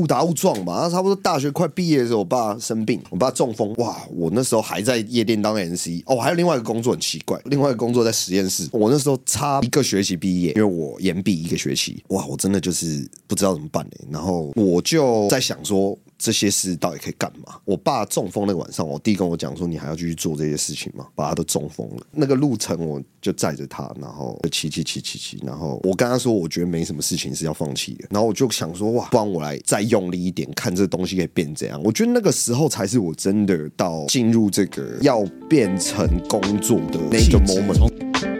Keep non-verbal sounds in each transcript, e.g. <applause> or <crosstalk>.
誤打誤撞嘛，差不多大學快畢業的時候，我爸生病，我爸中風，哇！我那時候還在夜店當 MC，哦，還有另外一個工作很奇怪，另外一個工作在實驗室。我那時候差一個學期畢業，因為我延畢一個學期，哇！我真的就是不知道怎麼辦欸，然後我就在想說，這些事到底可以幹嘛？我爸中風那個晚上，我弟跟我講說：“你還要繼續做這些事情嗎？”他都中風了，那個路程我就載着他，然後就騎騎騎騎騎，然後我跟他說：“我覺得沒什麼事情是要放棄的。”然後我就想說：“哇，不然我來再用力一點，看這東西可以變怎樣？”我覺得那個時候才是我真的到進入這個要變成工作的那個 moment。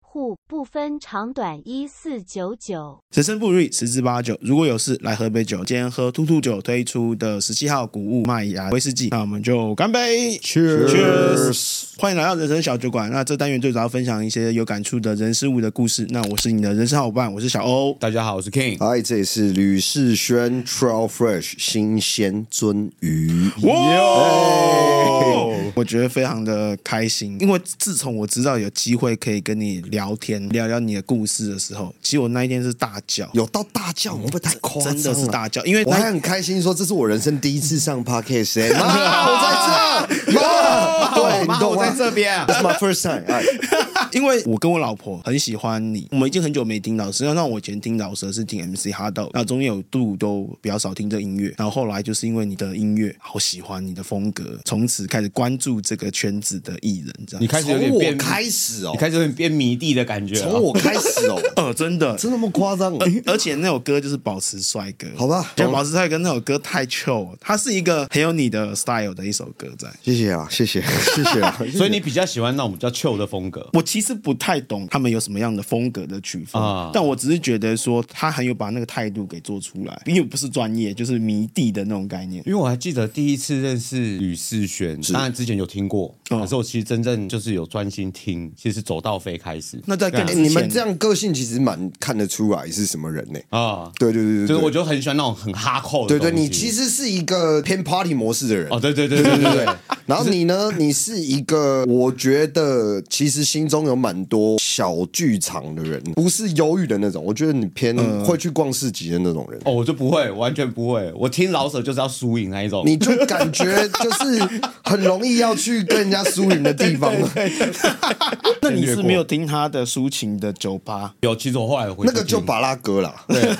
互不分長短，一四九九。人生不如意，十之八九。如果有事來喝杯酒，今天喝兔兔酒推出的十七號穀物麥芽威士忌，那我們就乾杯，Cheers！Cheers! 歡迎來到人生小酒館。那這單元最主要分享一些有感觸的人事物的故事。那我是你的人生好夥伴，我是小歐。大家好，我是 King。Hi，這裡是呂士軒，Trout Fresh 新鮮鱒魚。哇哦！我覺得非常的開心，因為自從我知道有機會可以跟你聊。聊天聊聊你的故事的時候，其實我那一天是大叫，有到大叫我會不會太誇張？真的是大叫，因為我還很開心說這是我人生第一次上 Podcast、 <laughs> 啊。我 <laughs> 欸、媽，我在這邊啊！這是 my first time，因為我跟我老婆很喜歡你，我們已經很久沒聽到。實際我以前聽到的是聽 MC HotDog，那 d o 然後中間有度都比較少聽這音樂。然後後來就是因為你的音樂，好喜歡你的風格，從此開始關注這個圈子的藝人。這樣，你開始有點變，開始哦，你開始有點變迷弟的感覺。從我開始哦，呃，真的，真那麼誇張、啊呃？而且那首歌就是保持帥哥，好吧？保持帥哥那首歌太 chill 它是一個很有你的 style 的一首歌。在，謝謝啊，謝謝。 <laughs> 對啊，所以你比較喜歡那種比較舊的風格？我其實不太懂他們有什麼樣的風格的曲風，但我只是覺得說他很有把那個態度給做出來，因為不是專業，就是迷弟的那種概念。因為我還記得第一次認識呂士軒，當然之前有聽過，可是我其實真正就是有專心聽，其實《走到飛》開始。那在你們這樣個性，其實蠻看得出來是什麼人呢？啊，對對對對，所以我就很喜歡那種很哈扣的。對對，你其實是一個偏 party 模式的人。哦，對對對對對對。然後你呢？你是？一個我覺得其實心中有蠻多小劇場的人，不是憂鬱的那種。我覺得你偏、嗯、會去逛市集的那種人。哦，我就不會，完全不會。我聽饒舌就是要輸贏那一種， <laughs> 你就感覺就是很容易要去跟人家輸贏的地方。那你是沒有聽他的抒情的酒吧？有，幾種我後來那個就巴拉格啦，對啊、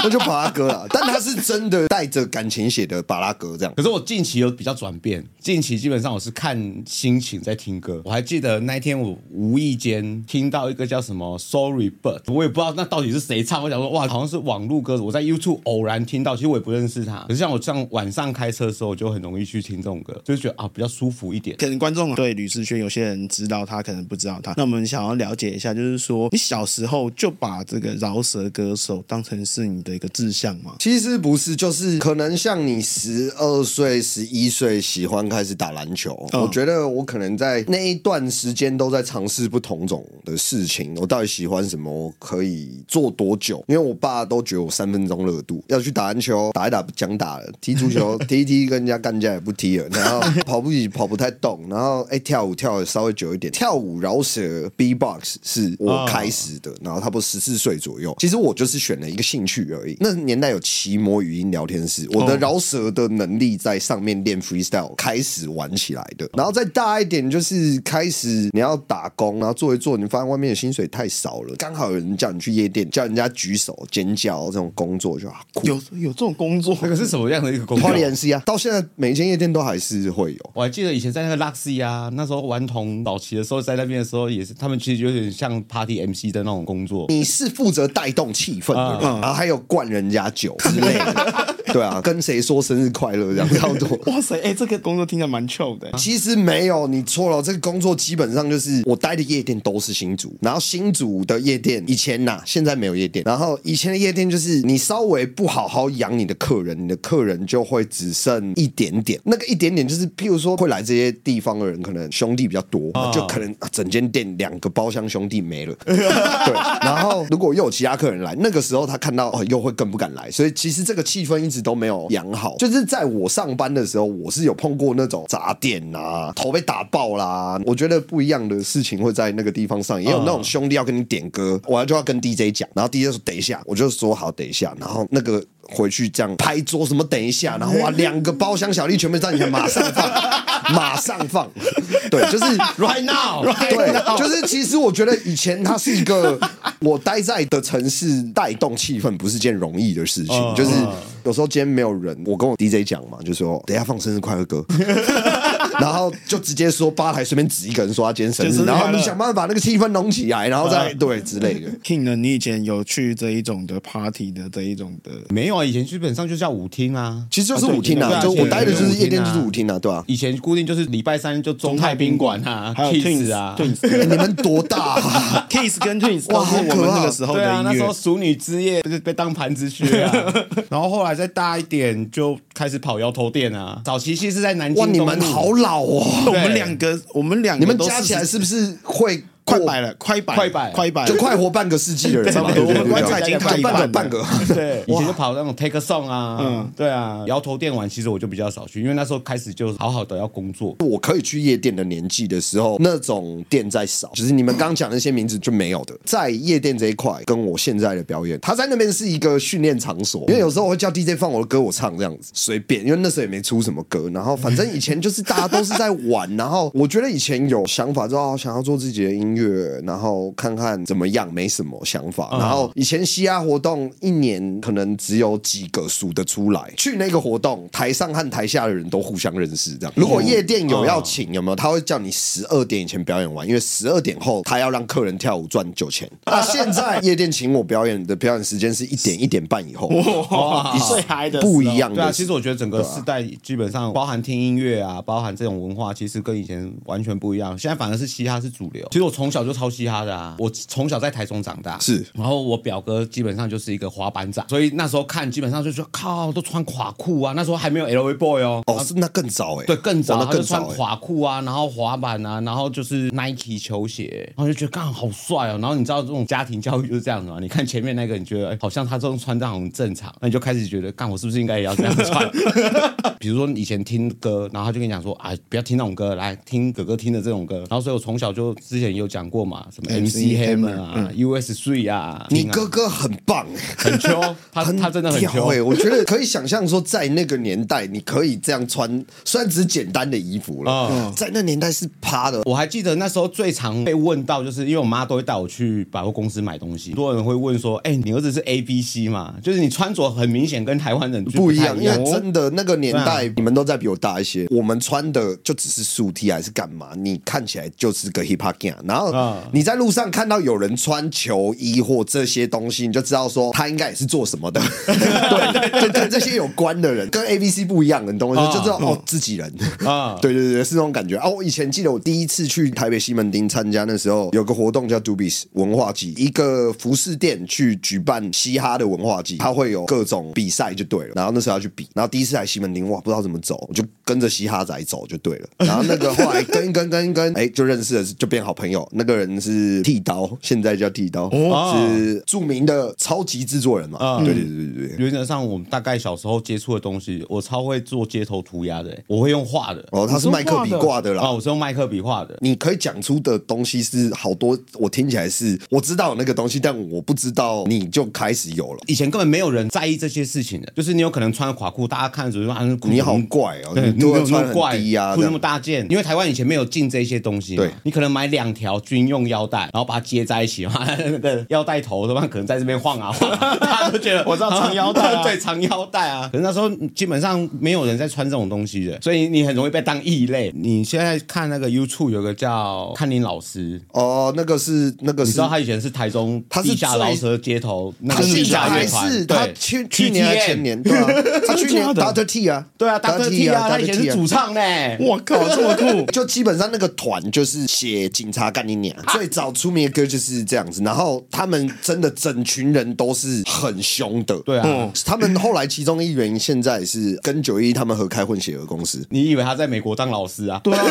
<laughs> 那就巴拉格啦。但他是真的帶着感情寫的巴拉格這樣。可是我近期有比較轉變，近期基本上我是看。心情在聽歌，我還記得那天我無意間聽到一個叫什麼 Sorry Bird，我也不知道那到底是誰唱。我想說哇，好像是網絡歌手。我在 YouTube 偶然聽到，其實我也不認識他。可是像我這樣晚上開車的時候，我就很容易去聽這種歌，就覺得啊比較舒服一點。可能觀眾對，呂士軒，有些人知道他，可能不知道他。那我們想要了解一下，就是說你小時候就把這個饒舌歌手當成是你的一個志向嗎？其實不是，就是可能像你十二歲、十一歲喜歡開始打籃球，嗯、我覺得。那我，我可能在那一段時間都在嘗試不同種的事情，我到底喜歡什麼？可以做多久？因為我爸都覺得我三分鐘熱度，要去打籃球打一打不講打了，踢足球踢一踢跟人家幹架也不踢了，然後跑步也跑不太動，然後哎、欸、跳舞跳的稍微久一點，跳舞饒舌 B box 是我開始的，然後差不多十四歲左右，其實我就是選了一個興趣而已。那年代有奇摩語音聊天室，我的饒舌的能力在上面練 freestyle 開始玩起來的，然後。再大一點，就是開始你要打工，然後做一做，你發現外面的薪水太少了。剛好有人叫你去夜店，叫人家舉手、尖叫這種工作，就好有有這種工作，那個是什麼樣的一個工作？Party MC 啊，到現在每一間夜店都還是會有。我還記得以前在那個 Luxy 啊，那時候玩童老齊的時候，在那邊的時候也是，他們其實有點像 Party MC 的那種工作。你是負責帶動氣氛，uh, uh. 然後還有灌人家酒之類的。 <laughs> 對啊，跟誰說生日快樂這樣差不多。哇塞，哎、欸，這個工作聽着蠻臭的。其實沒有，你錯了。這個工作基本上就是我待的夜店都是新竹，然後新竹的夜店以前吶、啊，現在沒有夜店。然後以前的夜店就是你稍微不好好養你的客人，你的客人就會只剩一點點。那個一點點就是，譬如說會來這些地方的人，可能兄弟比較多，哦、就可能整間店兩個包廂兄弟沒了。 <laughs> 對。然後如果又有其他客人來，那個時候他看到、哦、又會更不敢來。所以其實這個氣氛一直都沒有養好，就是在我上班的時候，我是有碰過那種砸店啊，頭被打爆啦。我覺得不一樣的事情會在那個地方上演，也有那種兄弟要跟你點歌，我就要跟 DJ 講，然後 DJ 說等一下，我就說好等一下，然後那個回去這樣拍桌什麼等一下，然後哇，兩個包廂小麗全部站起來，馬上放。 <laughs> 馬上放，對，就是 right now，對，right now. 就是其實我覺得以前它是一個我待在的城市帶動氣氛不是件容易的事情，就是有時候今天沒有人，我跟我 DJ 講嘛，就說等一下放生日快樂歌。 <laughs> <laughs> 然後就直接說吧台，隨便指一個人說他今天生日。然後你想辦法把那個氣氛弄起來，然後再對之類的。King 呢，你以前有去這一種的 party 的這一種的？沒有啊，以前基本上就叫舞廳啊，其實就是舞廳啊，就我待的就是夜店就是舞廳啊，對吧？啊？以前固定就是禮拜三就中泰賓館啊，還有 Twins 啊 Twins。 <laughs> 欸、你們多大啊？啊？Kiss 跟 Twins，哇，好可怕！對啊，那時候熟女之夜就是被當盤子去啊。然後後來再大一點就開始跑搖頭店啊。早期其實是在南京，哇，你們好老。好，我們兩個，對我們兩個，你們加起來是不是會？我快擺了，快擺，快擺。就快活半個世紀的人，差不多。我們棺材已經太百半個，半個對。哇以前就跑那種 Take a song 啊，嗯，對啊，搖頭電玩其實我就比較少去，因為那時候開始就好好的要工作。我可以去夜店的年紀的時候，那種店在少，只，就是你們剛講那些名字就沒有的。在夜店這一塊，跟我現在的表演，他在那邊是一個訓練場所，因為有時候我會叫 DJ 放我的歌，我唱這樣子隨便，因為那時候也沒出什麼歌。然後反正以前就是大家都是在玩， <laughs> 然後我覺得以前有想法，知，啊，道想要做自己的音樂。月，然後看看怎麼樣，沒什麼想法。嗯、然後以前嘻哈活動一年可能只有幾個數得出來，去那個活動台上和台下的人都互相認識。這樣，如果夜店有要請、哦、有沒有？他會叫你十二點以前表演完，因為十二點後他要讓客人跳舞賺酒錢、啊。那現在夜店請我表演的表演時間是一點一點半以後，最嗨的不一樣對、啊，其實我覺得整個世代基本上包含聽音樂啊，包含這種文化，其實跟以前完全不一樣。現在反而是嘻哈是主流。其實我從從小就超嘻哈的啊！我從小在台中長大，是。然後我表哥基本上就是一個滑板仔，所以那時候看基本上就說靠，都穿垮褲啊。那時候還沒有 LV Boy 哦，哦後是那更早哎、欸，對更早，哦、更早他就穿垮褲啊，然後滑板啊，然後就是 Nike 球鞋，然後就覺得幹好好帥哦。然後你知道這種家庭教育就是這樣的嘛。你看前面那個，你覺得、哎、好像他這種穿這樣很正常，那你就開始覺得幹我是不是應該也要這樣穿？ <laughs> 比如說你以前聽歌，然後他就跟你講說，哎，不要聽那種歌，來聽哥哥聽的這種歌。然後所以我從小就之前也有講。講過嘛？什麼 MC Hammer 啊，US Three 啊？嗯、啊你哥哥很棒，很 Q，秋 <laughs> 他他真的很 Q。哎，我覺得可以想象說，在那個年代，你可以這樣穿， <laughs> 雖然只是簡單的衣服了，哦、在那年代是趴的。我還記得那時候最常被問到，就是因為我媽都會帶我去百貨公司買東西，很多人會問說：“哎、欸，你兒子是 A B C 嘛？”就是你穿着很明顯跟台灣人不,不一樣，因為真的那個年代，啊、你們都在比我大一些，我們穿的就只是素 T 還是幹嘛？你看起來就是個 Hip Hop Gang，然後。啊！Uh, 你在路上看到有人穿球衣或這些東西，你就知道說他應該也是做什麼的。 <laughs> <laughs> 對，就跟這些有關的人，跟 A、B、C 不一樣的，你懂我意思？就知道哦，自己人啊！Uh, uh, <laughs> 對對對是那種感覺啊！我以前記得我第一次去台北西門町參加那時候有個活動叫 Dubis 文化季，一個服飾店去舉辦嘻哈的文化季，它會有各種比賽就對了。然後那時候要去比，然後第一次來西門町哇，不知道怎麼走，我就跟着嘻哈仔走就對了。然後那個後來、欸、跟跟跟跟，哎，就認識了，就變好朋友。那個人是剃刀，現在叫剃刀，哦。是著名的超級製作人嘛？對對對對對。原則上，我們大概小時候接觸的東西，我超會做街頭塗鴉的，我會用畫的。哦，他是麥克筆畫的啦。啊，我是用麥克筆畫的。你可以講出的東西是好多，我聽起來是我知道有那個東西，但我不知道，你就開始有了。以前根本沒有人在意這些事情的，就是你有可能穿垮褲，大家看的時候說：“你好怪哦，你沒有穿很怪呀，褲子那麼大件。”因為台灣以前沒有進這些東西，對，你可能買兩條。軍用腰帶，然後把它接在一起嘛。那個腰帶頭的話可能在這邊晃啊晃，他都覺得我知道長腰帶，對，長腰帶啊。可是那時候基本上沒有人在穿這種東西的，所以你很容易被當異類。你現在看那個 YouTube 有個叫看林老師哦，那個是那個，你知道他以前是台中地下老蛇街頭那個地下還是對，去去年還是前年，他去年 Daughter T 啊，對啊 Daughter T 啊，他以前是主唱呢，我靠，這麼酷，就基本上那個團就是寫警察幹。最早出名的歌就是這樣子，然後他們真的整群人都是很兇的，對啊。他們後來其中一員現在是跟玖壹壹他們合開混血兒公司。你以為他在美國當老師啊？對啊。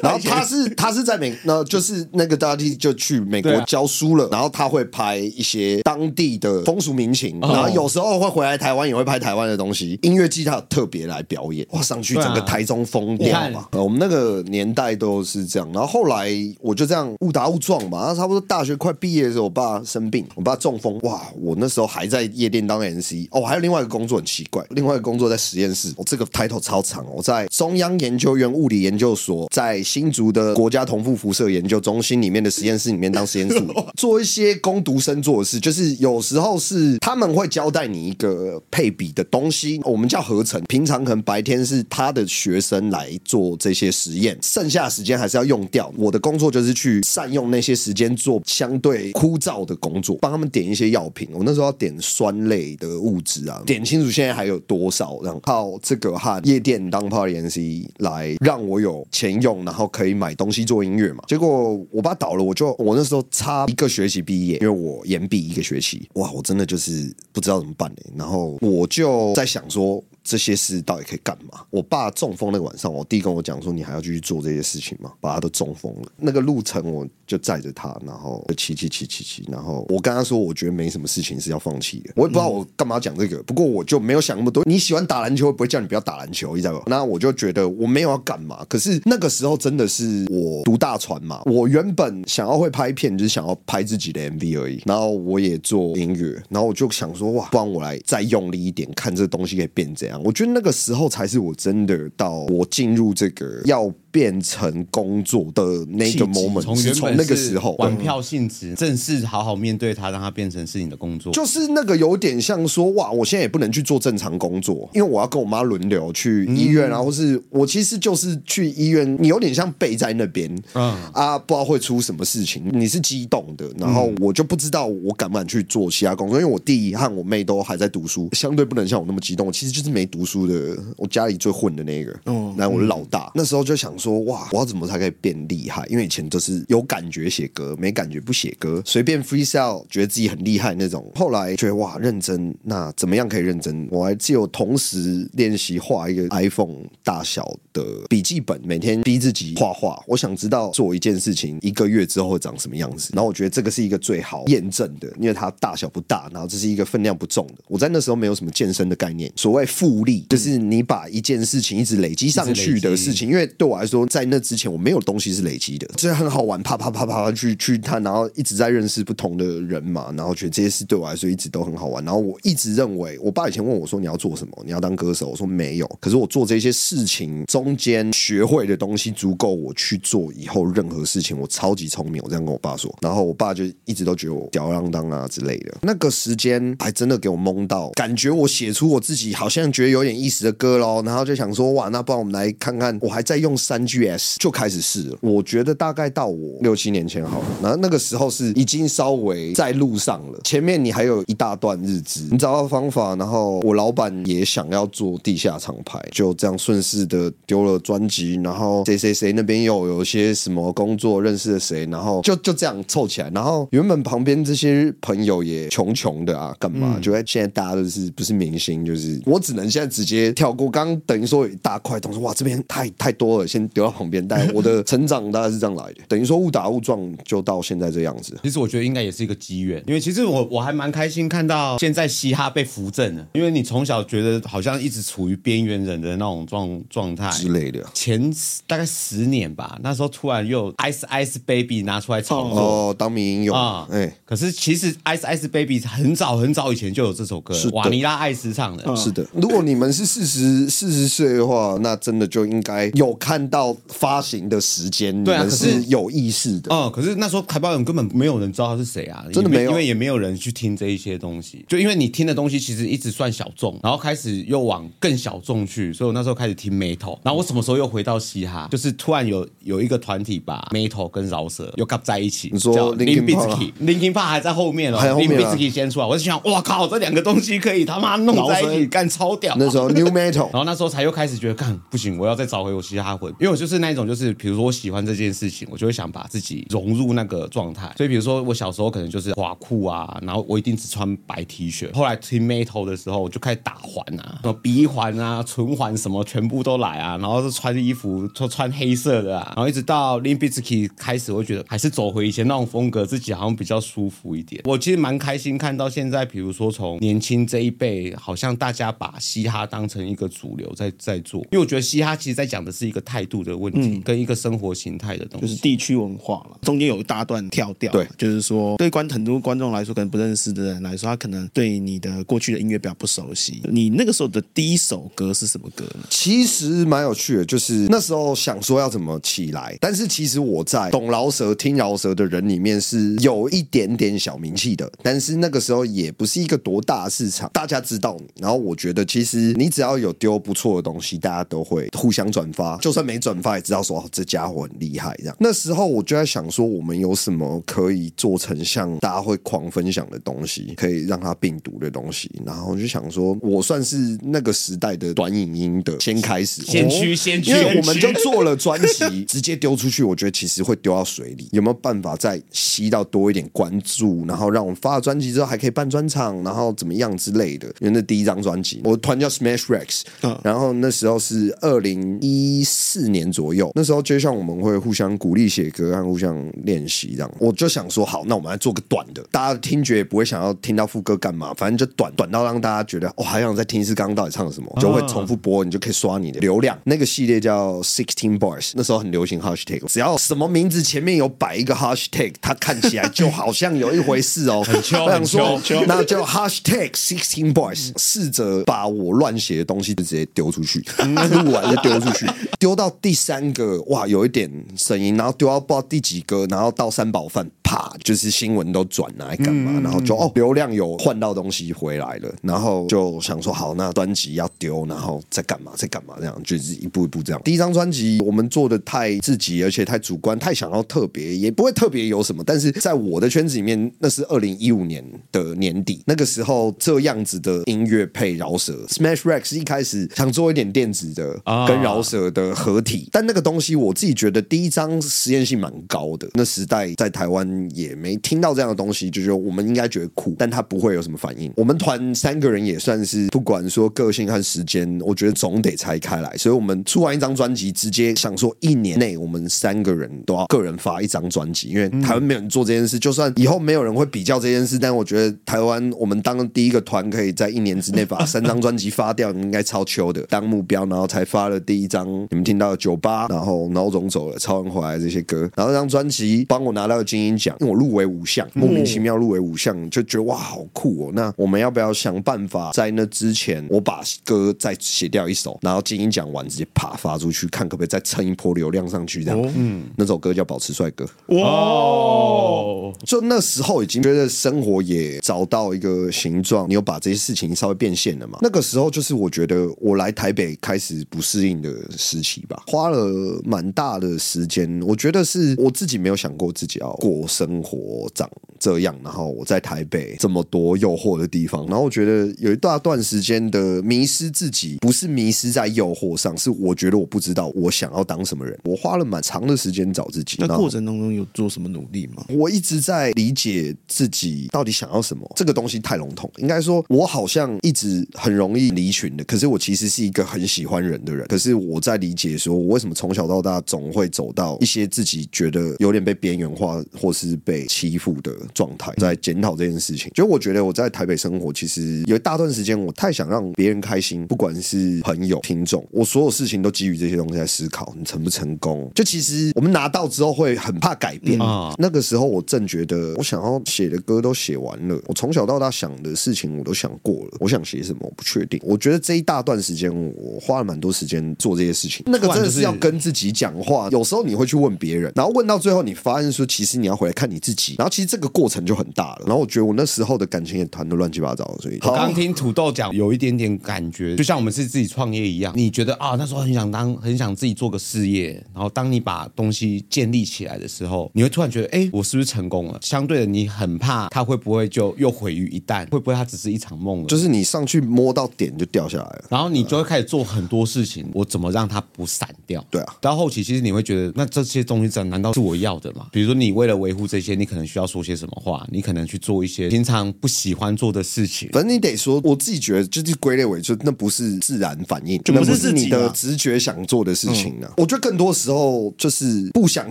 然後他是他是，他是在美，那就是那個大弟就去美國教書了。然後他會拍一些當地的風俗民情，然後有時候會回來台灣也會拍台灣的東西。音樂祭他有特別來表演，哇，上去整個台中瘋掉嘛。我們那個年代都是這樣。然後後來我就這樣。誤打誤撞吧，差不多大學快畢業的時候，我爸生病，我爸中風，哇！我那時候還在夜店當 MC，哦，還有另外一個工作很奇怪，另外一個工作在實驗室，我、哦、這個 title 超長哦，我在中央研究院物理研究所，在新竹的國家同步輻射研究中心裡面的實驗室裡面當實驗室。 <laughs> 做一些工讀生做的事，就是有時候是他們會交代你一個配比的東西，我們叫合成。平常可能白天是他的學生來做這些實驗，剩下的時間還是要用掉。我的工作就是去。善用那些時間做相對枯燥的工作，幫他們點一些藥品。我那時候要點酸類的物質啊，點清楚現在還有多少，然後靠這個和夜店當 party MC 來讓我有錢用，然後可以買東西做音樂嘛。結果我爸倒了，我就我那時候差一個學期畢業，因為我延畢一個學期，哇，我真的就是不知道怎麼辦欸，然後我就在想說。這些事到底可以幹嘛？我爸中風那個晚上，我弟跟我講說：“你還要繼續做這些事情嗎？”爸都中風了，那個路程我就載着他，然後就騎騎騎騎騎，然後我跟他說：“我覺得沒什麼事情是要放棄的。”我也不知道我幹嘛講這個，不過我就沒有想那麼多。你喜歡打籃球，會不會叫你不要打籃球？你知道吧？那我就覺得我沒有要幹嘛。可是那個時候真的是我讀大傳嘛，我原本想要會拍片，就是想要拍自己的 MV 而已。然後我也做音樂，然後我就想說：“哇，不然我來再用力一點，看這東西可以變怎樣。”我覺得那個時候才是我真的到我進入這個要。變成工作的那個 moment，從那個時候，玩票性質，正式好好面對他，讓他變成是你的工作，就是那個有點像說哇，我現在也不能去做正常工作，因為我要跟我媽輪流去醫院，然後是，我其實就是去醫院，你有點像背在那邊，啊，不知道會出什麼事情，你是激動的，然後我就不知道我敢不敢去做其他工作，因為我弟和我妹都還在讀書，相對不能像我那麼激動，我其實就是沒讀書的，我家裡最混的那個，嗯，然後我的老大，那時候就想。說哇，我要怎麼才可以變厲害？因為以前都是有感覺寫歌，沒感覺不寫歌，隨便 freestyle，覺得自己很厲害那種。後來覺得哇，認真，那怎麼樣可以認真？我還只有同時練習畫一個 iPhone 大小的筆記本，每天逼自己畫畫。我想知道做一件事情一個月之後會長什麼樣子。然後我覺得這個是一個最好驗證的，因為它大小不大，然後這是一個分量不重的。我在那時候沒有什麼健身的概念，所謂複利，就是你把一件事情一直累積上去的事情，因為對我來，說在那之前我沒有東西是累積的，這很好玩，啪啪啪啪,啪去去探，然後一直在認識不同的人嘛，然後覺得這些事對我來說一直都很好玩，然後我一直認為，我爸以前問我說你要做什麼，你要當歌手，我說沒有，可是我做這些事情中間學會的東西足夠我去做以後任何事情，我超級聰明，我這樣跟我爸說，然後我爸就一直都覺得我吊兒郎當啊之類的，那個時間還真的給我懵到，感覺我寫出我自己好像覺得有點意思的歌咯。然後就想說哇，那不然我們來看看，我還在用三。N G S 就開始試了，我覺得大概到我六七年前好了，然後，那個時候是已經稍微在路上了。前面你還有一大段日子，你找到方法，然後我老板也想要做地下廠牌，就這樣順勢的丟了專輯，然後誰誰誰那邊有有些什麼工作，認識了誰，然後就就這樣湊起來。然後原本旁邊這些朋友也窮窮的啊，幹嘛？就、嗯、現在大家都、就是不是明星，就是我只能現在直接跳過。剛等於說有一大塊，東西，哇，這邊太太多了，現在丟到旁邊，但我的成長大概是這樣來的， <laughs> 等於說誤打誤撞就到現在這樣子。其實我覺得應該也是一個機緣，因為其實我我還蠻開心看到現在嘻哈被扶正了，因為你從小覺得好像一直處於邊緣人的那種狀狀態之類的。前大概十年吧，那時候突然又有 Ice Ice Baby 拿出來唱。哦，oh, oh, 當名影啊，哎、oh, 欸，可是其實 Ice Ice Baby 很早很早以前就有這首歌，是哇的，瓦尼拉艾斯唱的，哦、是的。如果你們是四十四十歲的話，那真的就應該有看到。到發行的時間，對啊，可是有意識的，哦、嗯、可是那時候台北人根本沒有人知道他是誰啊，真的沒有沒，因為也沒有人去聽這一些東西，就因為你聽的東西其實一直算小眾，然後開始又往更小眾去，所以我那時候開始聽 metal，然後我什麼時候又回到嘻哈，就是突然有有一個團體把 metal 跟饒舌又尬在一起，你說 Limp Bizkit，Linkin Park 還在後面哦，Limp Bizkit 先出來，我就想，哇靠，這兩個東西可以他媽弄在一起幹舌超屌，啊，那時候 New Metal， <laughs> 然後那時候才又開始覺得，幹，不行，我要再找回我嘻哈魂，因為我就是那一種，就是比如說我喜歡這件事情，我就會想把自己融入那個狀態。所以比如說我小時候可能就是垮褲啊，然後我一定只穿白 T 恤。後來聽 Metal 的時候，我就開始打環啊，什麼鼻環啊、唇環什麼，全部都來啊。然後是穿衣服穿黑色的，啊，然後一直到 Limp Bizkit 開始，我就覺得還是走回以前那種風格，自己好像比較舒服一點。我其實蠻開心看到現在，比如說從年輕這一輩，好像大家把嘻哈當成一個主流在在做，因為我覺得嘻哈其實在講的是一個態度。的問題跟一個生活形態的東西，就是地區文化了。中間有一大段跳掉，對，就是說，對觀很多觀眾來說，可能不認識的人來說，他可能對你的過去的音樂比較不熟悉。你那個時候的第一首歌是什麼歌呢？其實蠻有趣的，就是那時候想說要怎麼起來，但是其實我在懂饒舌、聽饒舌的人裡面是有一點點小名氣的，但是那個時候也不是一個多大的市場，大家知道你。然後我覺得，其實你只要有丟不錯的東西，大家都會互相轉發，就算沒轉轉發也知道說這家伙很厲害這樣。那時候我就在想說，我們有什麼可以做成像大家會狂分享的東西，可以讓它病毒的東西。然後我就想說，我算是那個時代的短影音的先開始，先驅，先驅。我們就做了專輯，直接丟出去，我覺得其實會丟到水裡。有沒有辦法再吸到多一點關注？然後讓我們发了專輯之後還可以辦專場，然後怎麼樣之類的？因為那第一張專輯，我团叫 SmashRegz，然後那時候是二零一四。年左右，那時候就像我們會互相鼓勵寫歌，然後互相練習這樣。我就想說，好，那我們來做個短的，大家聽覺也不會想要聽到副歌幹嘛，反正就短短到讓大家覺得哦，還想再聽一次剛剛到底唱什麼，就會重複播，你就可以刷你的流量。那個系列叫16 Bars，那時候很流行 Hashtag，只要什麼名字前面有擺一個 Hashtag，它看起來就好像有一回事哦。很秋我想說，秋那叫 Hashtag 16 Bars，試着把我亂寫的東西就直接丟出去，錄完就丟出去，丟到。第三個，哇，有一點聲音，然後丟到不知道第幾個，然後到三寶飯，啪，就是新聞都轉，來幹嘛？嗯、然後就哦，流量有換到東西回來了，然後就想說好，那專輯要丟，然後再幹嘛？再幹嘛？這樣就是一步一步這樣。第一張專輯我們做的太自己，而且太主觀，太想要特別，也不會特別有什麼。但是在我的圈子裡面，那是二零一五年的年底，那個時候這樣子的音樂配饒舌，Smash Regz 一開始想做一點電子的，跟饒舌的合體。啊但那個東西，我自己覺得第一張實驗性蠻高的。那時代在台灣也沒聽到這樣的東西，就覺、是、得我們應該覺得酷，但他不會有什麼反應。我們團三個人也算是，不管說個性和時間，我覺得總得拆開來。所以我們出完一張專輯，直接想說一年內我們三個人都要個人發一張專輯，因為台灣沒有人做這件事。嗯、就算以後沒有人會比較這件事，但我覺得台灣我們當第一個團，可以在一年之內把三張專輯發掉， <laughs> 應該超秋的當目標，然後才發了第一張，你們聽到的。酒吧，然後腦總走了，超人回來這些歌，然後那張專輯幫我拿到了金音獎，因為我入圍五項，莫名其妙入圍五項，就覺得哇，好酷哦！那我們要不要想辦法在那之前，我把歌再寫掉一首，然後金音獎完直接啪發出去，看可不可以再蹭一波流量上去？這樣，哦、嗯，那首歌叫《保持帥哥》。哇，就那時候已經覺得生活也找到一個形狀，你有把這些事情稍微變現了嘛？那個時候就是我覺得我來台北開始不適應的時期吧。花了蠻大的時間，我覺得是我自己沒有想過自己要過生活這樣。這樣，然後我在台北這麼多誘惑的地方，然後我覺得有一大段時間的迷失自己，不是迷失在誘惑上，是我覺得我不知道我想要當什麼人。我花了蠻長的時間找自己，那過程當中有做什麼努力嗎？我一直在理解自己到底想要什麼。這個東西太籠統，應該說我好像一直很容易離群的，可是我其實是一個很喜歡人的人。可是我在理解說，我為什麼從小到大總會走到一些自己覺得有點被邊緣化或是被欺負的。狀態在檢討這件事情，就我覺得我在台北生活，其實有一大段時間我太想讓別人開心，不管是朋友、聽眾，我所有事情都基於這些東西在思考，你成不成功？就其實我們拿到之後會很怕改變啊。嗯、那個時候我正覺得，我想要寫的歌都寫完了，我從小到大想的事情我都想過了，我想寫什麼我不確定。我覺得這一大段時間我花了蠻多時間做這些事情，那個真的是要跟自己講話。有時候你會去問別人，然後問到最後，你發現說其實你要回來看你自己，然後其實這個。過程就很大了，然後我覺得我那時候的感情也談得亂七八糟，所以好，我剛聽土豆講有一點點感覺，就像我們是自己創業一樣。你覺得啊、哦，那時候很想當，很想自己做個事業。然後當你把東西建立起來的時候，你會突然覺得，哎、欸，我是不是成功了？相對的，你很怕它會不會就又毀於一旦，會不會它只是一場夢？就是你上去摸到點就掉下來了，然後你就會開始做很多事情，我怎麼讓它不散掉？對啊。到後期其實你會覺得，那這些東西真的難道是我要的嗎？比如說你為了維護這些，你可能需要說些什麼？話，你可能去做一些平常不喜歡做的事情。反正你得說，我自己覺得就是歸類為，就那不是自然反應，嗯、就不是，是你的直覺想做的事情呢、啊。嗯、我覺得更多時候就是不想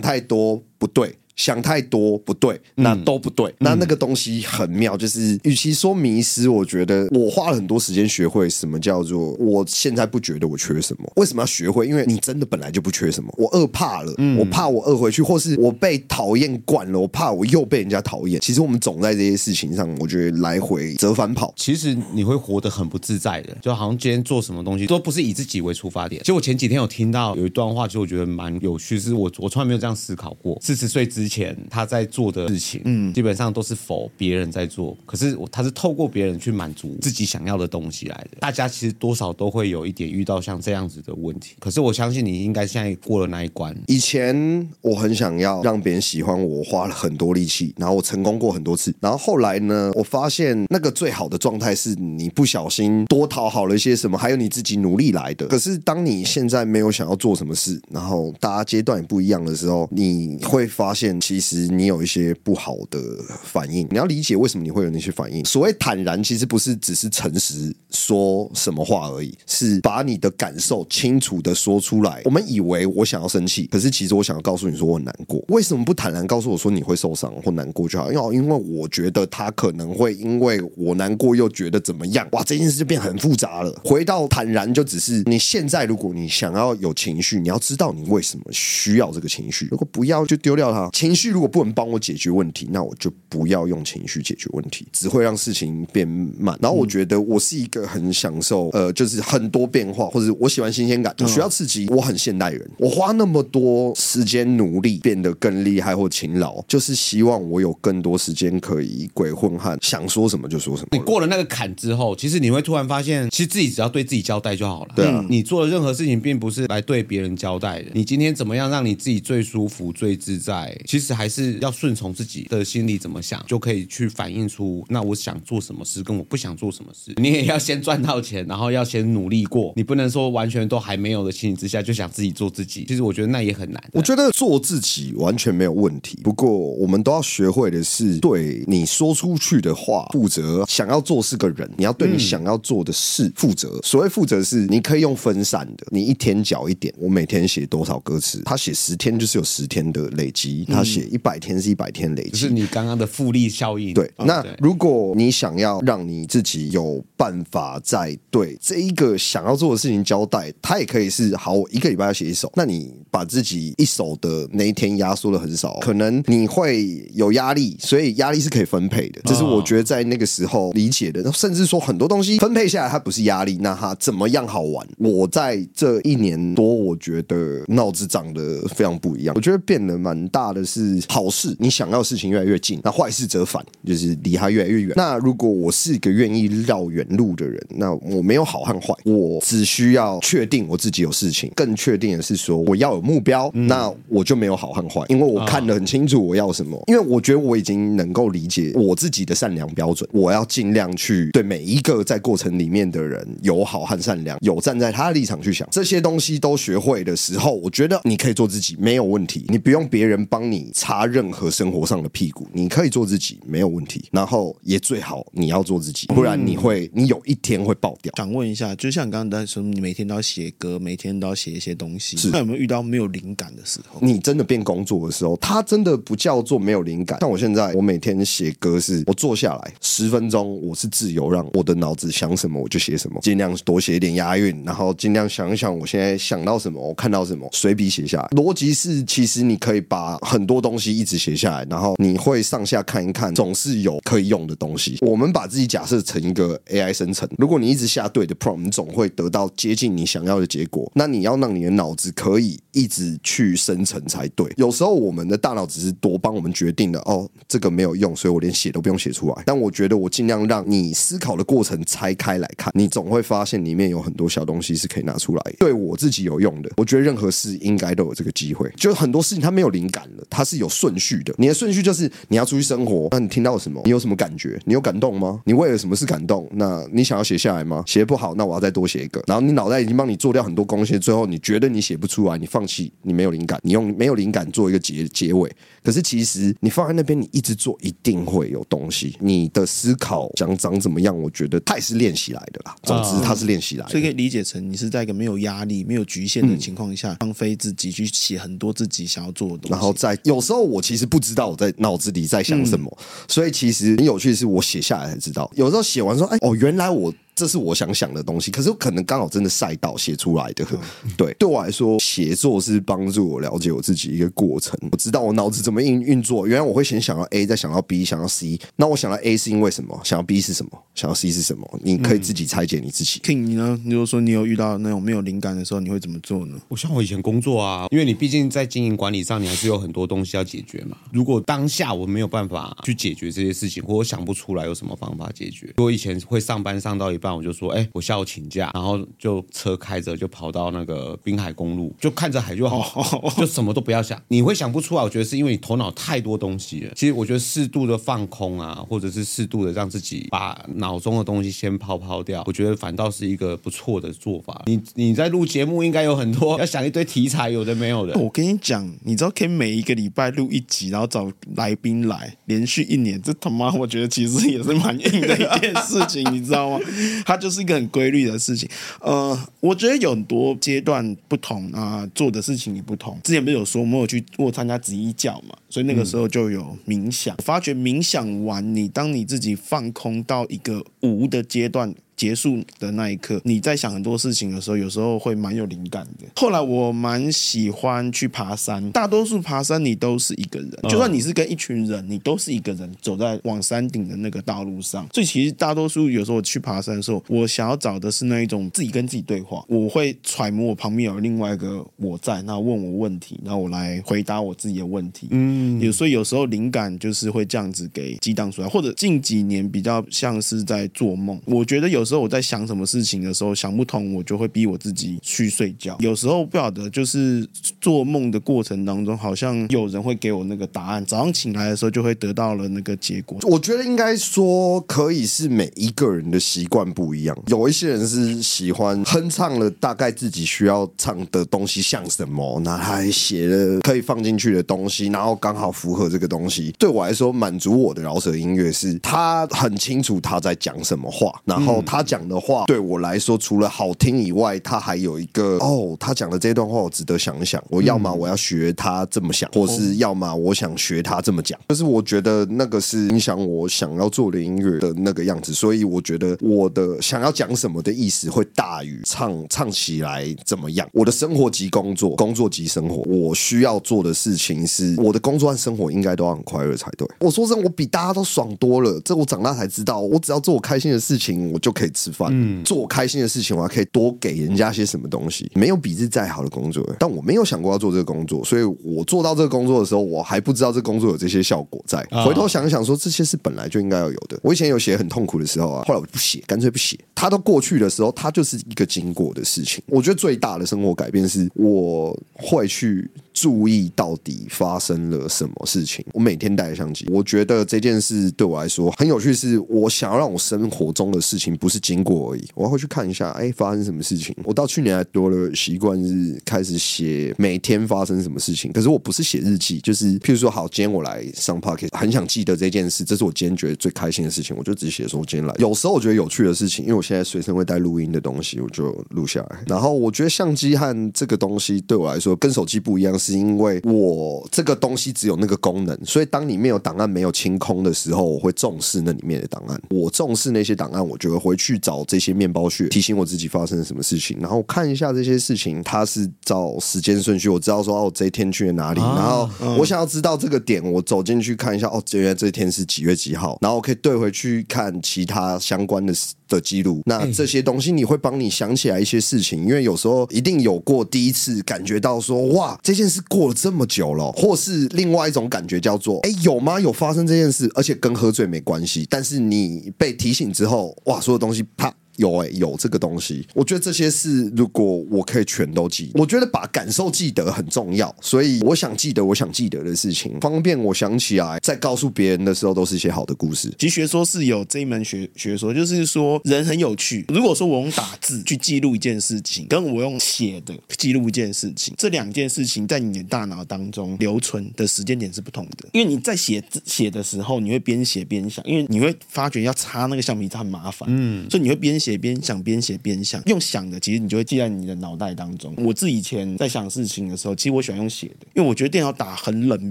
太多，不對。想太多不對，那都不對。嗯、那那個東西很妙，就是、嗯、與其說迷失，我覺得我花了很多時間學會什麼叫做，我現在不覺得我缺什麼。為什麼要學會？因為你真的本來就不缺什麼。我餓怕了，嗯、我怕我餓回去，或是我被討厭慣了，我怕我又被人家討厭。其實我們總在這些事情上，我覺得來回折返跑，其實你會活得很不自在的，就好像今天做什麼東西都不是以自己為出發點。其實我前幾天有聽到有一段話，其實我覺得蠻有趣，是我我從來沒有這樣思考過。四十歲之之前他在做的事情，嗯，基本上都是為別人在做，可是我他是透過別人去滿足自己想要的東西來的。大家其實多少都會有一點遇到像這樣子的問題，可是我相信你應該現在過了那一關。以前我很想要讓別人喜歡我，花了很多力氣，然後我成功過很多次，然後後來呢，我發現那個最好的狀態是你不小心多討好了一些什麼，還有你自己努力來的。可是當你現在沒有想要做什麼事，然後大家階段也不一樣的時候，你會發現。其實你有一些不好的反應，你要理解為什麼你會有那些反應。所謂坦然，其實不是只是誠實說什麼話而已，是把你的感受清楚地說出來。我們以為我想要生氣，可是其實我想要告訴你說我很難過。為什麼不坦然告訴我說你會受傷或難過就好？因為因為我覺得他可能會因為我難過又覺得怎麼樣？哇，這件事就變很複雜了。回到坦然，就只是你現在如果你想要有情緒，你要知道你為什麼需要這個情緒。如果不要就丟掉它。情緒如果不能幫我解決問題，那我就不要用情緒解決問題，只會讓事情變慢。然後我覺得我是一個很享受，呃，就是很多變化，或者我喜歡新鮮感，就需要刺激。我很現代人，嗯、我花那麼多時間努力變得更厲害或勤勞，就是希望我有更多時間可以鬼混和想說什麼就說什麼。你過了那個坎之後，其實你會突然發現，其實自己只要對自己交代就好了。對、啊嗯、你做的任何事情，並不是來對別人交代的。你今天怎麼樣，讓你自己最舒服、最自在？其實。其實還是要順從自己的心裡怎麼想，就可以去反映出那我想做什麼事，跟我不想做什麼事。你也要先賺到錢，然後要先努力過。你不能說完全都還沒有的情形之下就想自己做自己。其實我覺得那也很難。我覺得做自己完全沒有問題。不過我們都要學會的是，對你說出去的話負責。想要做是個人，你要對你想要做的事負責。嗯、所謂負責是，你可以用分散的，你一天繳一點。我每天寫多少歌詞，他寫十天就是有十天的累積。嗯他寫一百天是一百天累積，是你剛剛的複利效應。對，那如果你想要讓你自己有辦法再對這一個想要做的事情交代，他也可以是好，我一個禮拜要寫一首。那你把自己一首的那一天壓縮的很少，可能你會有壓力，所以壓力是可以分配的。這是我覺得在那個時候理解的，甚至說很多東西分配下來，它不是壓力，那它怎麼樣好玩？我在這一年多，我覺得腦子長得非常不一樣，我覺得變得蠻大的。是好事，你想要事情越來越近；那壞事則反，就是離他越來越遠。那如果我是一個願意繞遠路的人，那我沒有好和壞，我只需要確定我自己有事情。更確定的是說我要有目標，那我就沒有好和壞，因為我看得很清楚我要什麼。因為我覺得我已經能夠理解我自己的善良標準，我要盡量去對每一個在過程裡面的人友好和善良，有站在他的立場去想。這些東西都學會的時候，我覺得你可以做自己，沒有問題，你不用別人幫你。你擦任何生活上的屁股，你可以做自己沒有問題，然後也最好你要做自己，不然你會你有一天會爆掉。想問一下，就像你剛剛在說，你每天都要寫歌，每天都要寫一些東西，是有沒有遇到沒有靈感的時候？你真的變工作的時候，它真的不叫做沒有靈感。像我現在，我每天寫歌是，我坐下來十分鐘，我是自由，讓我的腦子想什麼我就寫什麼，盡量多寫一點押韻，然後盡量想一想我現在想到什麼，我看到什麼，隨筆寫下來。邏輯是，其實你可以把很。多東西一直寫下來，然後你會上下看一看，總是有可以用的東西。我們把自己假設成一個 AI 生成，如果你一直下對的 prompt，你總會得到接近你想要的結果。那你要讓你的腦子可以一直去生成才對。有時候我們的大腦只是多幫我們決定了哦，這個沒有用，所以我連寫都不用寫出來。但我覺得我盡量讓你思考的過程拆開來看，你總會發現裡面有很多小東西是可以拿出來對我自己有用的。我覺得任何事應該都有這個機會，就很多事情它沒有靈感了。它它是有順序的，你的順序就是你要出去生活，那你聽到什麼？你有什麼感覺？你有感動嗎？你為了什麼事感動？那你想要寫下來嗎？寫不好，那我要再多寫一個。然後你腦袋已經幫你做掉很多東西，最後你覺得你寫不出來，你放棄，你沒有靈感，你用沒有靈感做一個結結尾。可是其實你放在那邊，你一直做，一定會有東西。你的思考想長怎麼樣？我覺得它也是練習來的啦。總之，它是練習來的，所以可以理解成你是在一個沒有壓力、沒有局限的情況下，放飛自己去寫很多自己想要做的東西，然後再。有時候我其實不知道我在腦子裡在想什麼，嗯、所以其實很有趣的是，我寫下來才知道。有時候寫完說：“哎、欸，哦，原來我。”這是我想想的東西，可是，可能剛好真的賽道寫出來的。嗯、對，對我來說，寫作是幫助我了解我自己一個過程。我知道我腦子怎麼運運作。原來我會先想到 A，再想到 B，想到 C。那我想到 A 是因為什麼？想到 B 是什麼？想到 C 是什麼？你可以自己拆解你自己。嗯、King，你呢？你如果說你有遇到那種沒有靈感的時候，你會怎麼做呢？我像我以前工作啊，因為你畢竟在經營管理上，你還是有很多東西要解決嘛。如果當下我沒有辦法去解決這些事情，或我想不出來有什麼方法解決，我以前會上班上到一半。那我就說，哎、欸，我下午請假，然後就車開着，就跑到那個濱海公路，就看着海就好，就什麼都不要想。你會想不出來，我覺得是因為你頭腦太多東西了。其實我覺得適度的放空啊，或者是適度的讓自己把腦中的東西先拋拋掉，我覺得反倒是一個不錯的做法。你你在錄節目應該有很多要想一堆題材，有的沒有的。我跟你講，你知道可以每一個禮拜錄一集，然後找來賓來，連續一年，這他媽我覺得其實也是蠻硬的一件事情， <laughs> 你知道嗎？它就是一個很規律的事情，呃，我覺得有很多階段不同啊，呃，做的事情也不同。之前不是有說沒有去做參加止一教嘛，所以那個時候就有冥想，嗯，發覺冥想完，你當你自己放空到一個無的階段，結束的那一刻，你在想很多事情的時候，有時候會蠻有靈感的。後來我蠻喜歡去爬山，大多數爬山你都是一個人，就算你是跟一群人，你都是一個人走在往山頂的那個道路上。所以其實大多數有時候我去爬山的時候，我想要找的是那一種自己跟自己對話。我會揣摩我旁邊有另外一個我在，那問我問題，然後我來回答我自己的問題。嗯，有所以有時候靈感就是會這樣子給激盪出來，或者近幾年比較像是在做夢，我覺得有。有時候我在想什麼事情的時候想不通，我就會逼我自己去睡覺。有時候不曉得，就是做夢的過程當中，好像有人會給我那個答案。早上醒來的時候，就會得到了那個結果。我覺得應該說，可以是每一個人的習慣不一樣。有一些人是喜歡哼唱了，大概自己需要唱的東西像什麼，拿來寫了可以放進去的東西，然後剛好符合這個東西。對我來說，滿足我的饒舌音樂是他很清楚他在講什麼話，然後他、嗯。他講的話對我來說，除了好聽以外，他還有一個哦，他講的這段話我值得想一想。我要麼我要學他這麼想，嗯、或是要麼我想學他這麼講。哦、就是我覺得那個是影響我想要做的音樂的那個樣子。所以我覺得我的想要講什麼的意思會大於唱唱起來怎麼樣。我的生活及工作，工作及生活。我需要做的事情是，我的工作和生活應該都很快樂才對。我說真，我比大家都爽多了。這我長大才知道，我只要做我開心的事情，我就可以。吃飯，嗯、做開心的事情，我還可以多給人家些什麼東西。沒有比這再好的工作。欸，但我沒有想過要做這個工作，所以，我做到這個工作的時候，我還不知道這個工作有這些效果在。啊、回頭想想說，說這些是本來就應該要有的。我以前有寫很痛苦的時候啊，後來我不寫，乾脆不寫。它都過去的時候，它就是一個經過的事情。我覺得最大的生活改變是我會去。注意到底發生了什麼事情。我每天帶相機，我覺得這件事對我來說很有趣，是我想要讓我生活中的事情不是經過而已，我要回去看一下，哎，發生什麼事情。我到去年還多了習慣是開始寫每天發生什麼事情。可是我不是寫日記，就是譬如說，好，今天我來上 park，很想記得這件事，這是我今天覺得最開心的事情。我就只寫說我今天來。有時候我覺得有趣的事情，因為我現在隨身會帶錄音的東西，我就錄下來。然後我覺得相機和這個東西對我來說跟手機不一樣。是是因為我這個東西只有那個功能，所以當裡面有檔案沒有清空的時候，我會重視那裡面的檔案。我重視那些檔案，我就會回去找這些麵包屑，提醒我自己發生了什麼事情，然後看一下這些事情，它是照時間順序。我知道說哦，啊，這一天去了哪裡，然後我想要知道這個點，我走進去看一下哦，原來這一天是幾月幾號，然後我可以對回去看其他相關的。的記錄，那這些東西你會幫你想起來一些事情，嗯、因為有時候一定有過第一次感覺到說，哇，這件事過了這麼久了，或是另外一種感覺叫做哎、欸、有嗎？有發生這件事，而且跟喝醉沒關係，但是你被提醒之後，哇，所有東西啪。有誒、欸，有這個東西，我覺得這些事如果我可以全都記，我覺得把感受記得很重要，所以我想記得，我想記得的事情，方便我想起來，在告訴別人的時候，都是一些好的故事。其實學說是有這一門學學說，就是說人很有趣。如果說我用打字去記錄一件事情，跟我用寫的記錄一件事情，這兩件事情在你的大腦當中留存的時間點是不同的，因為你在寫寫的時候，你會邊寫邊想，因為你會發覺要擦那個橡皮擦很麻煩，嗯，所以你會邊寫。寫邊想，邊寫邊想，用想的其實你就會記在你的腦袋當中。我自己以前在想事情的時候，其實我喜歡用寫的，因為我覺得電腦打很冷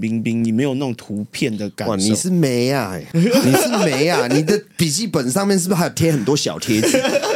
冰冰，你沒有那種圖片的感覺、啊欸。你是沒啊？你是沒啊？你的筆記本上面是不是還有貼很多小貼紙？ <laughs>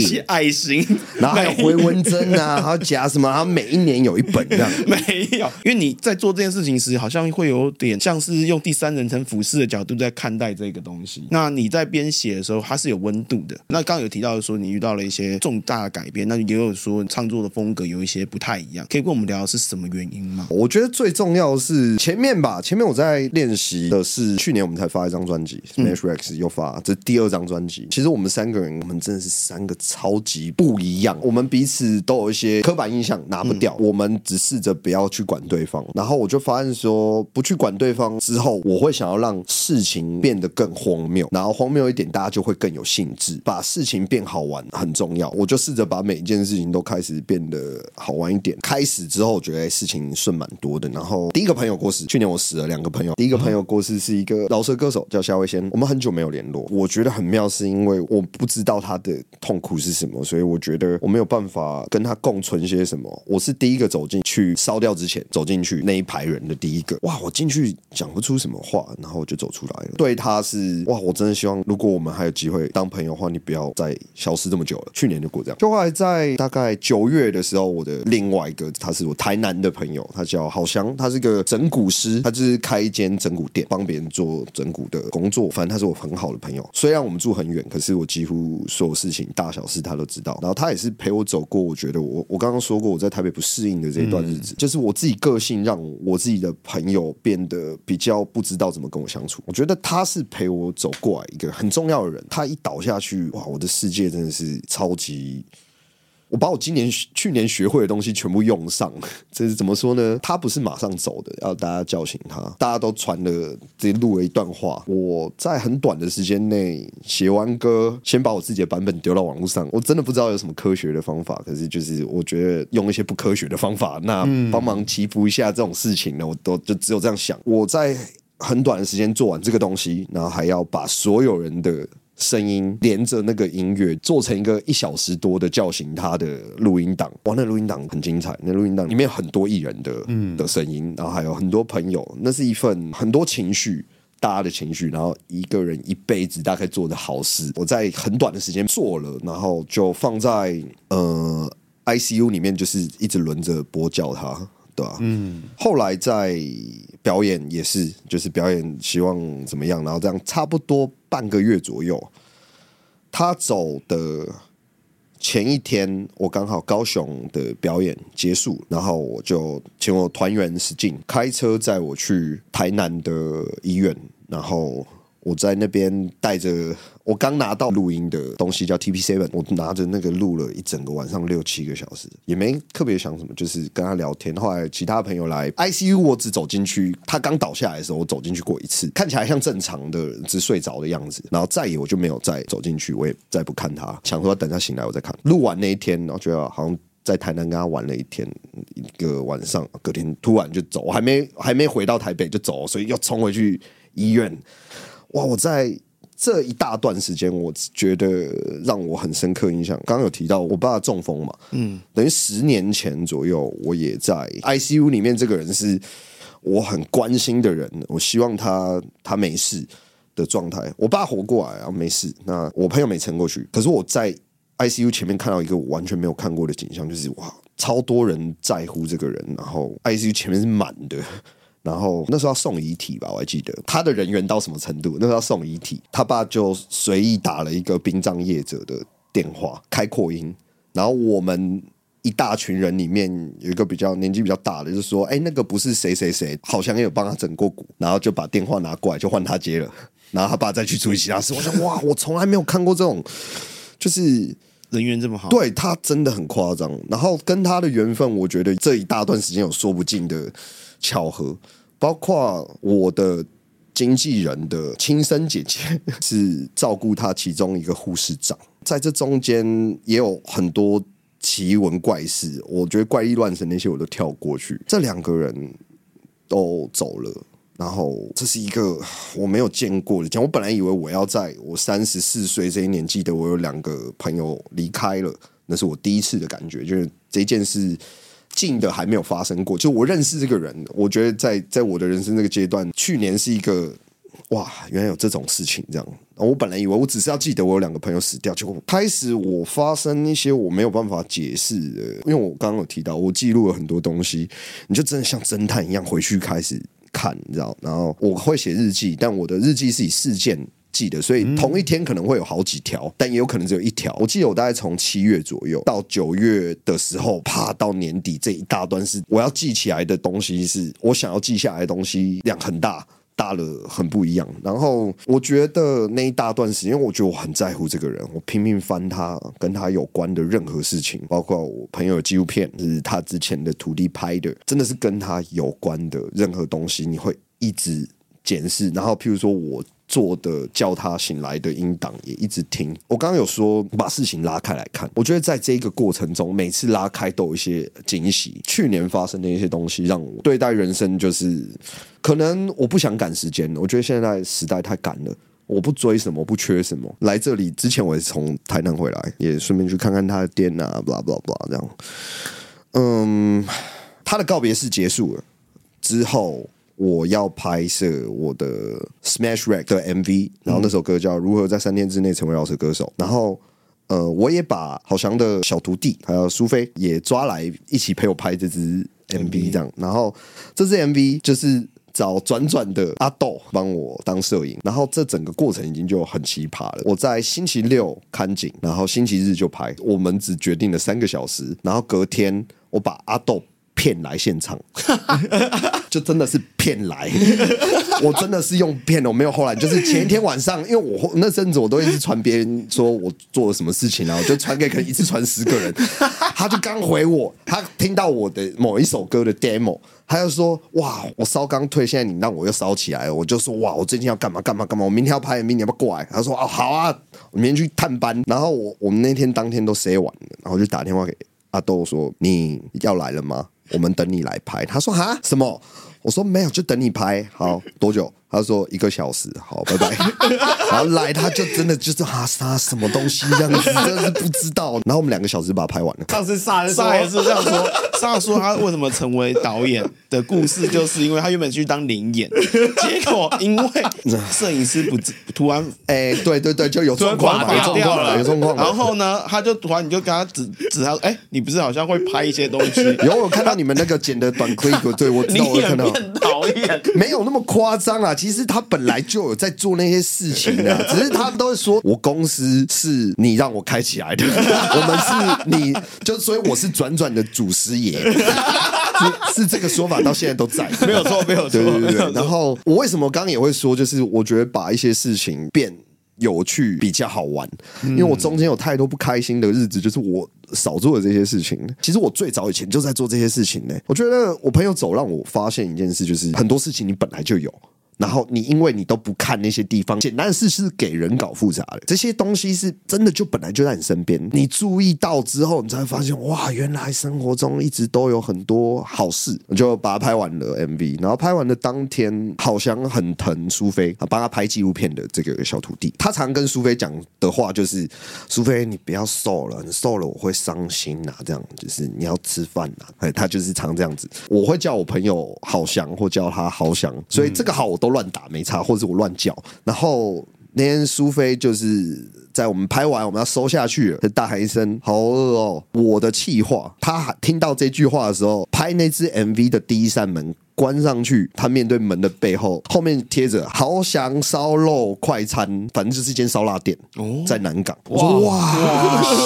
些愛心，然後還有回紋針啊，還有 <laughs> 夾什麼？然後每一年有一本這樣，沒有，因為你在做這件事情時，好像會有點像是用第三人稱俯視的角度在看待這個東西。那你在編寫的時候，它是有溫度的。那剛剛有提到說你遇到了一些重大的改變，那也有說你創作的風格有一些不太一樣，可以跟我們聊的是什麼原因嗎？我覺得最重要的是前面吧，前面我在練習的是去年我們才發一張專輯、嗯、，Smash Regz 又發這第二張專輯。其實我們三個人，我們真的是三個。超級不一樣，我們彼此都有一些刻板印象拿不掉。嗯、我們只試着不要去管對方，然後我就發現說，不去管對方之後，我會想要讓事情變得更荒謬，然後荒謬一點，大家就會更有興致，把事情變好玩很重要。我就試着把每一件事情都開始變得好玩一點。開始之後，我覺得事情順蠻多的。然後第一個朋友過世，去年我死了兩個朋友。第一個朋友過世是一個饒舌歌手，叫夏威先。我們很久沒有聯絡，我覺得很妙，是因為我不知道他的痛苦。苦是什麼？所以我覺得我沒有辦法跟他共存些什麼。我是第一個走進去燒掉之前走進去那一排人的第一個。哇，我進去講不出什麼話，然後就走出來了。對他是哇，我真的希望如果我們還有機會當朋友的話，你不要再消失這麼久了。去年就過這樣。就後來在大概九月的時候，我的另外一個，他是我台南的朋友，他叫郝翔，他是個整骨師，他就是開一間整骨店，幫別人做整骨的工作。反正他是我很好的朋友，雖然我們住很遠，可是我幾乎所有事情大。大小事他都知道，然後他也是陪我走過。我覺得我我剛剛說過我在台北不適應的這一段日子，嗯、就是我自己個性讓我自己的朋友變得比較不知道怎麼跟我相處。我覺得他是陪我走過來一個很重要的人，他一倒下去，哇，我的世界真的是超級。我把我今年去年學會的東西全部用上了，這是怎麼說呢？他不是馬上走的，要大家叫醒他。大家都傳了，自己錄了一段話。我在很短的時間內寫完歌，先把我自己的版本丟到網絡上。我真的不知道有什麼科學的方法，可是就是我覺得用一些不科學的方法，那幫忙祈福一下這種事情呢，我都就只有這樣想。我在很短的時間做完這個東西，然後還要把所有人的。聲音連着那個音樂，做成一個一小時多的叫醒他的錄音檔。哇，那錄音檔很精彩，那錄音檔裡面有很多藝人的、嗯、的聲音，然後還有很多朋友。那是一份很多情緒，大家的情緒，然後一個人一輩子大概做的好事，我在很短的時間做了，然後就放在呃 ICU 裡面，就是一直輪着播叫他，對吧、啊？嗯，後來在。表演也是，就是表演，希望怎麼樣？然後這樣差不多半個月左右，他走的前一天，我剛好高雄的表演結束，然後我就請我團員使勁開車載我去台南的醫院，然後我在那邊帶着。我剛拿到錄音的東西叫 TP-7，我拿着那個錄了一整個晚上六七個小時，也沒特別想什麼，就是跟他聊天。後來其他朋友來 ICU，我只走進去，他剛倒下來的時候我走進去過一次，看起來像正常的，只睡着的樣子。然後再也我就沒有再走進去，我也再不看他，想說等他醒來我再看。錄完那一天，我覺得好像在台南跟他玩了一天一個晚上，隔天突然就走，還沒還沒回到台北就走，所以又衝回去醫院。哇，我在。這一大段時間，我覺得讓我很深刻印象。剛剛有提到我爸中風嘛，嗯，等於十年前左右，我也在 ICU 裡面。這個人是我很關心的人，我希望他他沒事的狀態。我爸活過來啊，沒事。那我朋友沒撐過去。可是我在 ICU 前面看到一個我完全沒有看過的景象，就是哇，超多人在乎這個人，然後 ICU 前面是滿的。然後那時候要送遺體吧，我還記得他的人緣到什麼程度。那時候要送遺體，他爸就隨意打了一個殯葬業者的電話，開擴音。然後我們一大群人裡面有一個比較年紀比較大的，就說：“哎，那個不是誰誰誰，好像也有幫他整過骨。”然後就把電話拿過來就換他接了，然後他爸再去處理其他事。我想，哇，我從來沒有看過這種，就是人緣這麼好。對，他真的很誇張。然後跟他的緣分，我覺得這一大段時間有說不盡的，巧合，包括我的經紀人的親生姐姐是照顧他其中一個護士長，在這中間也有很多奇聞怪事。我覺得怪力亂神那些我都跳過去。這兩個人都走了，然後這是一個我沒有見過的。我本來以為我要在我三十四歲這一年，記得我有兩個朋友離開了，那是我第一次的感覺，就是這件事。近的還沒有發生過，就我認識這個人，我覺得在在我的人生這個階段，去年是一個哇，原來有這種事情這樣。我本來以為我只是要記得我有兩個朋友死掉，結果開始我發生一些我沒有辦法解釋的，因為我剛剛有提到我記錄了很多東西，你就真的像偵探一樣回去開始看，你知道？然後我會寫日記，但我的日記是以事件。記得，所以同一天可能會有好幾條，嗯、但也有可能只有一條。我記得我大概從七月左右到九月的時候，啪到年底這一大段是我要記起來的東西是，是我想要記下來的東西量很大，大了很不一樣。然後我覺得那一大段時間，因為我覺得我很在乎這個人，我拼命翻他跟他有關的任何事情，包括我朋友的紀錄片，就是他之前的徒弟拍的，真的是跟他有關的任何東西，你會一直檢視。然後，譬如說我。做的叫他醒來的音檔也一直聽。我剛剛有說把事情拉開來看，我覺得在這個過程中，每次拉開都有一些驚喜。去年發生的一些東西，讓我對待人生就是，可能我不想趕時間了。我覺得現在時代太趕了，我不追什麼，不缺什麼。來這裡之前，我也是從台南回來，也順便去看看他的店啊，blah blah blah 這樣。嗯，他的告別式結束了之後。我要拍攝我的 Smash Regz 的 MV，嗯、然後那首歌叫《如何在三天之內成為饒舌歌手》，然後呃，我也把好翔的小徒弟還有蘇菲也抓來一起陪我拍這支 MV，這樣。嗯嗯，然後這支 MV 就是找轉轉的阿豆幫我當攝影，然後這整個過程已經就很奇葩了。我在星期六看景，然後星期日就拍，我們只決定了三個小時，然後隔天我把阿豆。騙來現場，就真的是騙來。我真的是用騙了，沒有。後來就是前一天晚上，因為我那陣子我都一直傳別人說我做了什麼事情然、啊、後就傳給可能一次傳十個人。他就剛回我，他聽到我的某一首歌的 demo，他就說：“哇，我燒剛退，現在你讓我又燒起來。”我就說：“哇，我最近要幹嘛幹嘛幹嘛，我明天要拍明 v 你要不要過來？”他說：“哦，好啊，我明天去探班。”然後我我們那天當天都塞完了，然後就打電話給阿豆說：“你要來了嗎？”我們等你來拍。他說：“哈，什麼？”我說：“沒有，就等你拍。好”好，多久？他說一個小時，好，拜拜。 <laughs> 然後來他就真的就是哈啥、啊、什麼東西這樣子，真的是不知道。然後我們兩個小時把它拍完了。上次薩也是這樣說，薩 <laughs> 說他為什麼成為導演的故事，就是因為他原本去當領演， <laughs> 結果因為攝影師不， <laughs> 不突然，哎、欸，對對對，就有狀況，有狀況，有狀況。然後呢，他就突然，你就給他指指他說，哎、欸，你不是好像會拍一些東西？有我看到你們那個剪的短 clip，對我知道，我可能導演沒有那麼誇張啊。其實他本來就有在做那些事情的，只是他們都會說我公司是你讓我開起來的。我們是你，就所以我是轉轉的祖師爺，是這個說法到現在都在，沒有錯，沒有錯，對對對、對。然後我為什麼剛剛也會說，就是我覺得把一些事情變有趣比較好玩，因為我中間有太多不開心的日子，就是我少做了這些事情。其實我最早以前就在做這些事情呢、欸。我覺得我朋友走讓我發現一件事，就是很多事情你本來就有。然後你因為你都不看那些地方，簡單的事是給人搞複雜的，這些東西是真的就本來就在你身邊，你注意到之後，你才會發現哇，原來生活中一直都有很多好事。你就把它拍完了 MV，然後拍完的當天，好像很疼蘇菲啊，幫他拍紀錄片的這個小徒弟，他常跟蘇菲講的話就是：蘇菲，你不要瘦了，你瘦了我會傷心吶、啊，這樣就是你要吃飯吶，哎，他就是常這樣子。我會叫我朋友好翔，或叫他好翔，所以這個好東。亂打沒差，或者我亂叫。然後那天蘇菲就是在我們拍完，我們要收下去了，的大喊一聲“好餓哦！”我的氣話。他聽到這句話的時候，拍那支 MV 的第一扇門關上去，他面對門的背後，後面貼着“豪翔燒肉快餐”，反正就是一間燒臘店，哦、在南港。我說：“哇，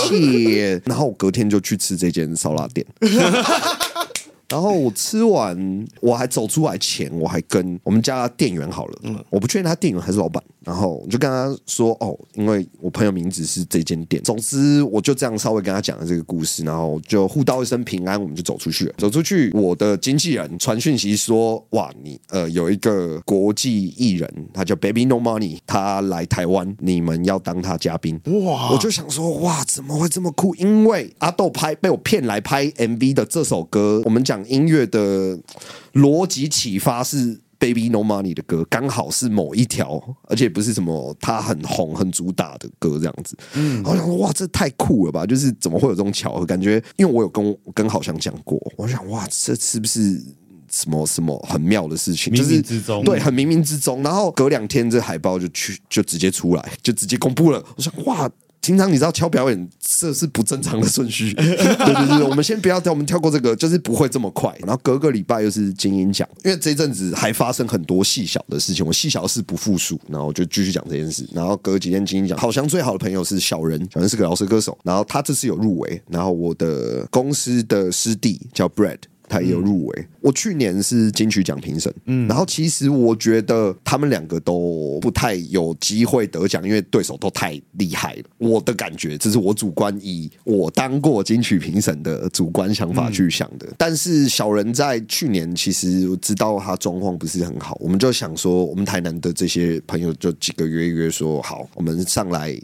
謝。”然後隔天就去吃這間燒臘店。 <laughs> <laughs> 然後我吃完，我還走出來前，我還跟我們家店員好了，我不確定他店員還是老板。然後我就跟他說：“哦，因為我朋友名字是這間店。總之，我就這樣稍微跟他講了這個故事，然後就互道一聲平安，我們就走出去了。走出去，我的經紀人傳訊息說：‘哇，你呃有一個國際藝人，他叫 Baby No Money，他來台灣，你們要當他嘉賓。’哇，我就想說：‘哇，怎麼會這麼酷？’因為阿豆拍被我騙來拍 MV 的這首歌，我們講音樂的邏輯啟發是。” Baby No Money 的歌剛好是某一條，而且不是什麼他很紅很主打的歌這樣子。嗯，我想說哇，這太酷了吧！就是怎麼會有這種巧合？感覺因為我有跟跟好像講過，我想哇，這是不是什麼什麼很妙的事情？冥冥之中就是對，很冥冥之中。然後隔兩天這海報就去就直接出來，就直接公布了。我想哇。平常你知道敲表演，這是不正常的順序。 <laughs> <laughs> 對對對，我們先不要跳，我們跳過這個，就是不會這麼快。然後隔個禮拜又是金音獎，因為這陣子還發生很多細小的事情，我細小的事不復述，然後就繼續講這件事。然後隔幾天金音獎，好像最好的朋友是小人，小人是個饒舌歌手。然後他這次有入圍。然後我的公司的師弟叫 Brad。才有入圍，嗯、我去年是金曲獎評審，嗯，然後其實我覺得他們兩個都不太有機會得獎，因為對手都太厲害了。我的感覺，這是我主觀以我當過金曲評審的主觀想法去想的。但是小人在去年其實我知道他狀況不是很好，我們就想說，我們台南的這些朋友就幾個約約說，好，我們上來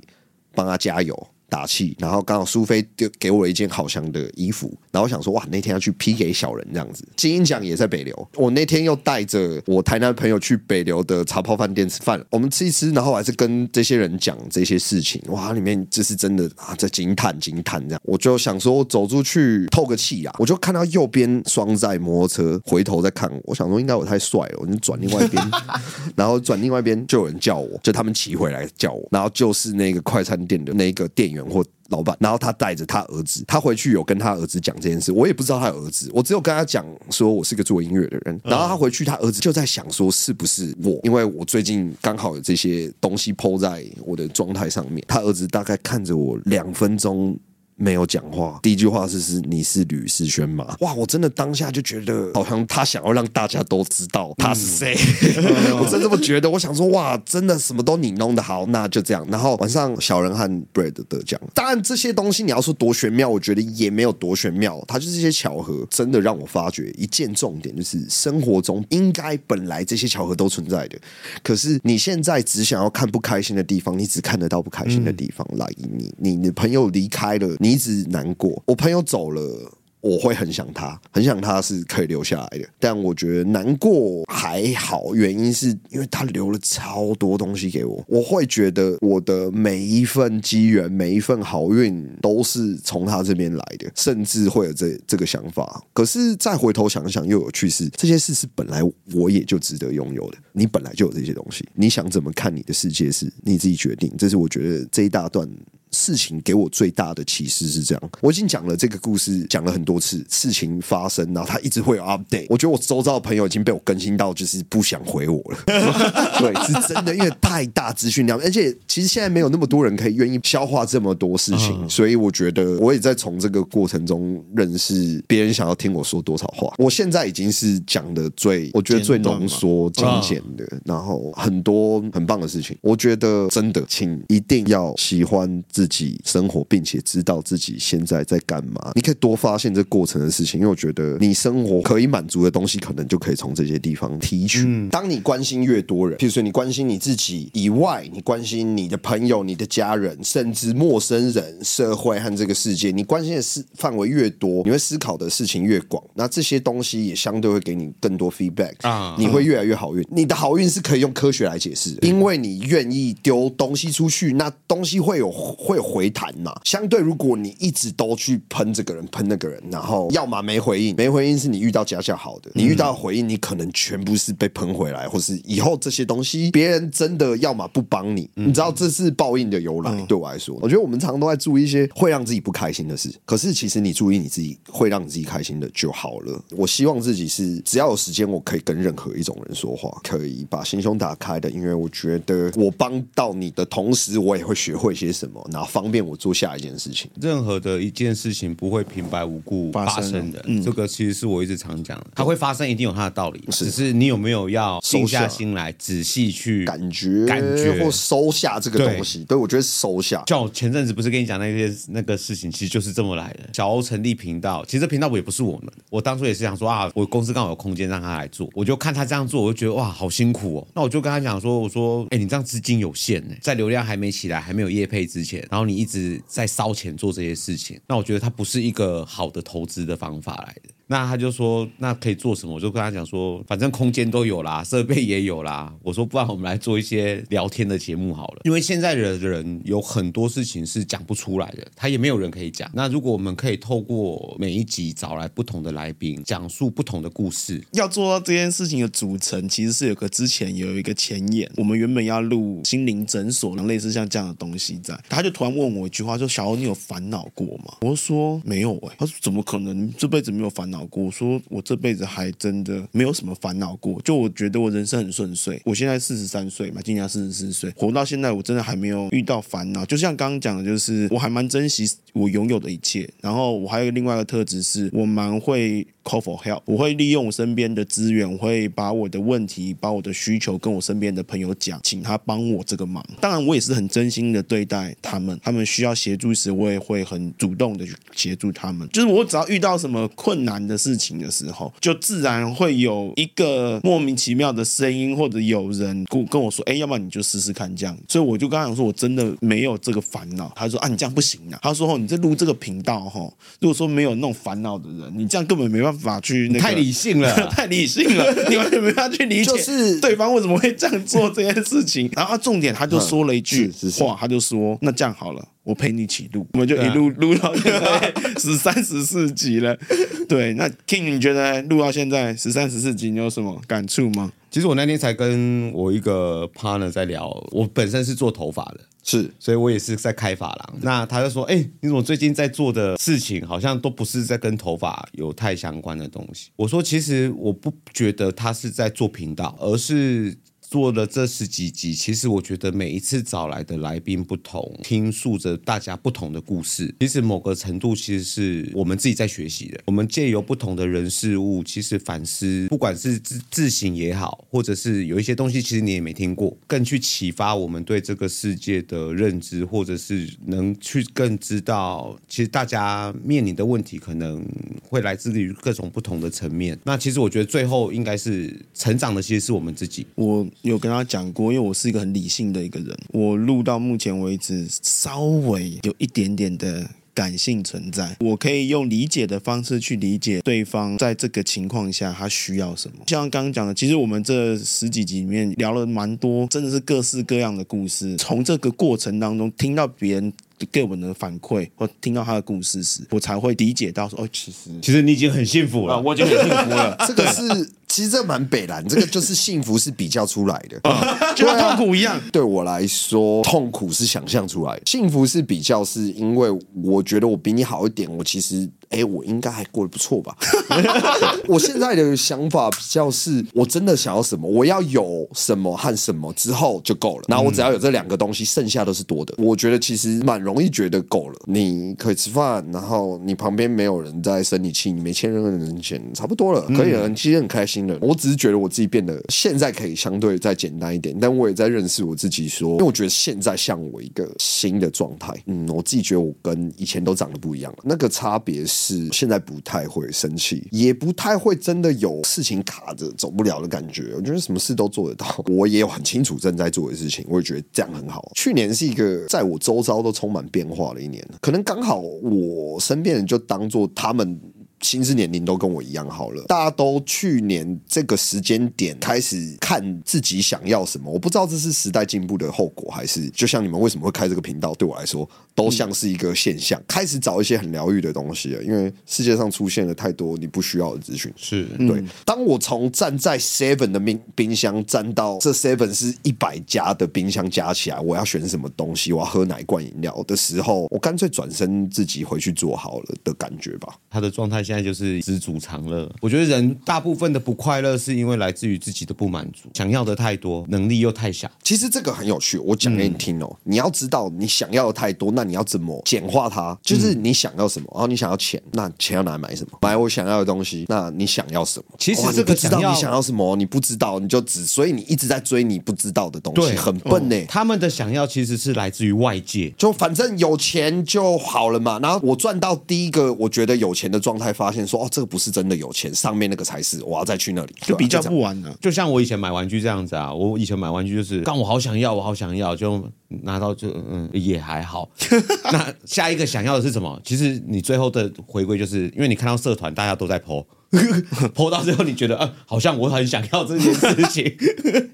幫他加油。打氣，然後剛好蘇菲就給我了一件好香的衣服，然後我想說哇，那天要去批給小人這樣子。金鷹獎也在北流，我那天又帶着我台南朋友去北流的茶泡飯店吃飯，我們吃一吃，然後還是跟這些人講這些事情。哇，裡面這是真的啊，在驚嘆驚嘆這樣，我就想說走出去透個氣呀，我就看到右邊雙載摩托車，回頭再看我，我想說應該我太帥了，我就轉另外一邊， <laughs> 然後轉另外一邊就有人叫我，就他們騎回來叫我，然後就是那個快餐店的那個店員。或老闆，然後他帶着他兒子，他回去有跟他兒子講這件事，我也不知道他兒子，我只有跟他講說我是個做音樂的人，然後他回去，他兒子就在想說是不是我，因為我最近剛好有這些東西 po 在我的狀態上面，他兒子大概看着我兩分鐘。沒有講話，第一句話是是你是呂士軒嗎？哇，我真的當下就覺得，好像他想要讓大家都知道他是誰。嗯、 <laughs> 我真這麼覺得。我想說，哇，真的什麼都你弄得好，那就這樣。然後晚上小人和 bread 得獎，但這些東西你要說多玄妙，我覺得也沒有多玄妙，它就是這些巧合。真的讓我發覺一件重點，就是生活中應該本來這些巧合都存在的，可是你現在只想要看不開心的地方，你只看得到不開心的地方。來，嗯、你你的朋友離開了你。你一直難過，我朋友走了，我會很想他，很想他是可以留下來的。但我覺得難過還好，原因是因為他留了超多東西給我，我會覺得我的每一份機緣、每一份好運都是從他這邊來的，甚至會有這這個想法。可是再回頭想想，又有趣事。這些事是本來我也就值得擁有的，你本來就有這些東西，你想怎麼看你的世界是你自己決定。這是我覺得這一大段，事情給我最大的啟示是這樣，我已經講了這個故事講了很多次，事情發生，然後他一直會有 update，我覺得我周遭的朋友已經被我更新到就是不想回我了。 <laughs> 對，是真的，因為太大資訊量，而且其實現在沒有那麼多人可以願意消化這麼多事情，所以我覺得我也在從這個過程中認識別人想要聽我說多少話，我現在已經是講的最我覺得最濃縮精簡的，然後很多很棒的事情，我覺得真的，請一定要喜歡。自己生活，並且知道自己現在在幹嘛。你可以多發現這過程的事情，因為我覺得你生活可以滿足的東西，可能就可以從這些地方提取。嗯、當你關心越多人，譬如說你關心你自己以外，你關心你的朋友、你的家人，甚至陌生人、社會和這個世界，你關心的事範圍越多，你會思考的事情越廣。那這些東西也相對會給你更多 feedback 啊，你會越來越好運。你的好運是可以用科學來解釋，因為你願意丟東西出去，那東西會有。會有回彈嘛，相對，如果你一直都去噴這個人、噴那個人，然後要麼沒回應，沒回應是你遇到家教好的；嗯，你遇到的回應，你可能全部是被噴回來，或是以後這些東西別人真的要麼不幫你。嗯，你知道這是報應的由來。嗯，對我來說，我覺得我們常常都在注意一些會讓自己不開心的事，可是其實你注意你自己，會讓你自己開心的就好了。我希望自己是只要有時間，我可以跟任何一種人說話，可以把心胸打開的，因為我覺得我幫到你的同時，我也會學會些什麼。啊，方便我做下一件事情。任何的一件事情不會平白無故發生的，生啊嗯、這個其實是我一直常講的。它會發生，一定有它的道理。是只是你有沒有要靜下心來，下仔細去感覺、感覺或收下這個東西？對，對，我覺得收下。像我前陣子不是跟你講那些那個事情，其實就是這麼來的。小歐成立頻道，其實頻道我也不是我們。我當初也是想說啊，我公司剛好有空間讓他來做，我就看他這樣做，我就覺得哇，好辛苦哦。那我就跟他講說，我說，哎、欸，你這樣資金有限、欸，呢，在流量還沒起來，還沒有業配之前。然後你一直在燒錢做這些事情，那我覺得它不是一個好的投資的方法來的。那他就說，那可以做什麼？我就跟他講說，反正空間都有啦，設備也有啦。我說，不然我們來做一些聊天的節目好了。因為現在的人有很多事情是講不出來的，他也沒有人可以講。那如果我們可以透過每一集找來不同的來賓，講述不同的故事，要做到這件事情的組成，其實是有個之前有一個前言。我們原本要錄心靈診所，然後類似像這樣的東西在。他就突然問我一句話，說：“小歐，你有煩惱過嗎？”我說：“沒有哎、欸。”他說：“怎麼可能？這輩子沒有煩惱？”我說，我這輩子還真的沒有什麼煩惱過，就我覺得我人生很順遂。我現在四十三歲嘛，今年四十四歲，活到現在，我真的還沒有遇到煩惱。就像剛剛講的，就是我還蠻珍惜我擁有的一切。然後我還有另外一個特質是，我蠻會 call for help，我會利用我身邊的資源，我會把我的問題、把我的需求跟我身邊的朋友講，請他幫我這個忙。當然，我也是很真心的對待他們，他們需要協助時，我也會很主動的去協助他們。就是我只要遇到什麼困難的事情的時候，就自然會有一個莫名其妙的聲音，或者有人跟跟我說：“哎、欸，要不然你就試試看這樣。”所以我就剛剛說，我真的沒有這個煩惱。他說：“啊，你這樣不行啊！”他說：“你在錄這個頻道齁，如果說沒有那種煩惱的人，你這樣根本沒辦法去、那個、太理性了、啊， <laughs> 太理性了， <laughs> <laughs> 你完全沒辦法去理解對方為什麼會這樣做這件事情。”然後重點，他就說了一句話、嗯，他就說：“那這樣好了。”我陪你一起錄、啊，我們就一路錄到現在十三十四集了。對，那 King 你覺得錄到現在十三十四集你有什麼感觸嗎？其實我那天才跟我一個 partner 在聊，我本身是做頭髮的，是，所以我也是在開髮廊。那他就說：“哎、欸，你怎麼最近在做的事情好像都不是在跟頭髮有太相關的東西？”我說：“其實我不覺得他是在做頻道，而是……”做了這十幾集，其實我覺得每一次找來的來賓不同，傾訴著大家不同的故事，其實某個程度，其實是我們自己在學習的。我們借由不同的人事物，其實反思，不管是自自省也好，或者是有一些東西，其實你也沒聽過，更去啟發我們對這個世界的認知，或者是能去更知道，其實大家面臨的問題可能會來自於各種不同的層面。那其實我覺得最後應該是成長的，其實是我們自己。我。有跟他講過，因為我是一個很理性的一個人，我錄到目前為止稍微有一點點的感性存在，我可以用理解的方式去理解對方在這個情況下他需要什麼。像剛剛講的，其實我們這十幾集裡面聊了蠻多，真的是各式各樣的故事。從這個過程當中聽到別人。給我的反饋，或聽到他的故事時，我才會理解到說哦，其實其實你已經很幸福了，啊、我已經很幸福了。 <laughs> 對了這個是其實這蠻北蘭，這個就是幸福是比較出來的，就跟痛苦一樣。 <laughs> 對我來說， <laughs> 痛苦是想象出來的，幸福是比較，是因為我覺得我比你好一點，我其實。哎，欸、我應該還過得不錯吧？ <laughs> <laughs> 我現在的想法比較是，我真的想要什麼，我要有什麼和什麼之後就夠了。然後我只要有這兩個東西，剩下都是多的。我覺得其實蠻容易覺得夠了。你可以吃飯，然後你旁邊沒有人在生你氣，你沒欠任何人錢，差不多了，可以了。你其實很開心了。我只是覺得我自己變得現在可以相對再簡單一點，但我也在認識我自己，說因為我覺得現在像我一個新的狀態。嗯，我自己覺得我跟以前都長得不一樣了，那個差別是是現在不太會生氣，也不太會真的有事情卡着走不了的感覺。我覺得什麼事都做得到，我也有很清楚正在做的事情，我也覺得這樣很好。去年是一個在我周遭都充滿變化的一年，可能剛好我身邊人就當做他們心智年齡都跟我一樣好了，大家都去年這個時間點開始看自己想要什麼。我不知道這是時代進步的後果，還是就像你們為什麼會開這個頻道，對我來說。都像是一個現象，嗯、開始找一些很療癒的東西了，因為世界上出現了太多你不需要的資訊。是對，嗯、當我從站在 seven 的冰冰箱站到這 seven 是一百家的冰箱加起來，我要選什麼東西，我要喝哪一罐飲料的時候，我乾脆轉身自己回去做好了的感覺吧。他的狀態現在就是知足常樂。我覺得人大部分的不快樂是因為來自於自己的不滿足，想要的太多，能力又太小。其實這個很有趣，我講給你聽哦，你要知道你想要的太多，那。你要怎麼簡化它？就是你想要什麼，然、哦、後你想要錢，那錢要拿來買什麼？買我想要的東西。那你想要什麼？其實這個知道想要你想要什麼，你不知道，你就只所以你一直在追你不知道的東西，對，很笨呢、欸嗯。他們的想要其實是來自於外界，就反正有錢就好了嘛。然後我賺到第一個我覺得有錢的狀態，發現說哦，這個不是真的有錢，上面那個才是。我要再去那裡，啊、就，就比較不完了、啊。就像我以前買玩具這樣子啊，我以前買玩具就是剛我好想要，我好想要，就拿到就嗯也還好。 <laughs> <laughs> 那下一個想要的是什麼？其實你最後的回歸就是因為你看到社團大家都在 po，po 到最後你覺得啊、呃，好像我很想要這件事情。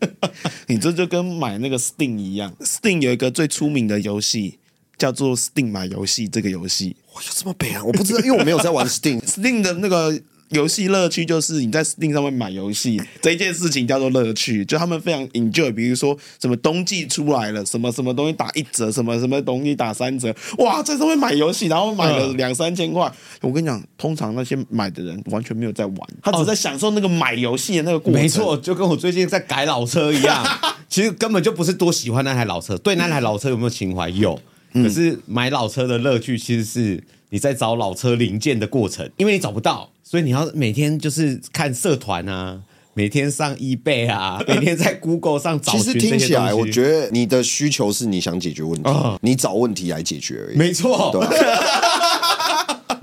<laughs> 你這就跟買那個 Steam 一樣，Steam 有一個最出名的遊戲叫做 Steam 買遊戲這個遊戲，哇，這麼悲啊！我不知道，因為我沒有在玩 Steam，Steam <laughs> 的那個。.遊戲樂趣就是你在 Steam 上面買遊戲這一件事情叫做樂趣，就他們非常 enjoy，比如說什麼冬季出來了，什麼什麼東西打一折，什麼什麼東西打三折，哇，在上面買遊戲，然後買了兩三千塊。我跟你講，通常那些買的人完全沒有在玩，哦、他只在享受那個買遊戲的那個過程。沒錯，就跟我最近在改老車一樣， <laughs> 其實根本就不是多喜歡那台老車，對那台老車有沒有情懷？嗯、有。可是買老車的樂趣其實是你在找老車零件的過程，因為你找不到。所以你要每天就是看社團啊，每天上 eBay 啊，每天在 Google 上找。其實聽起來，我覺得你的需求是你想解決問題，哦、你找問題來解決而已。沒錯。對啊 <laughs>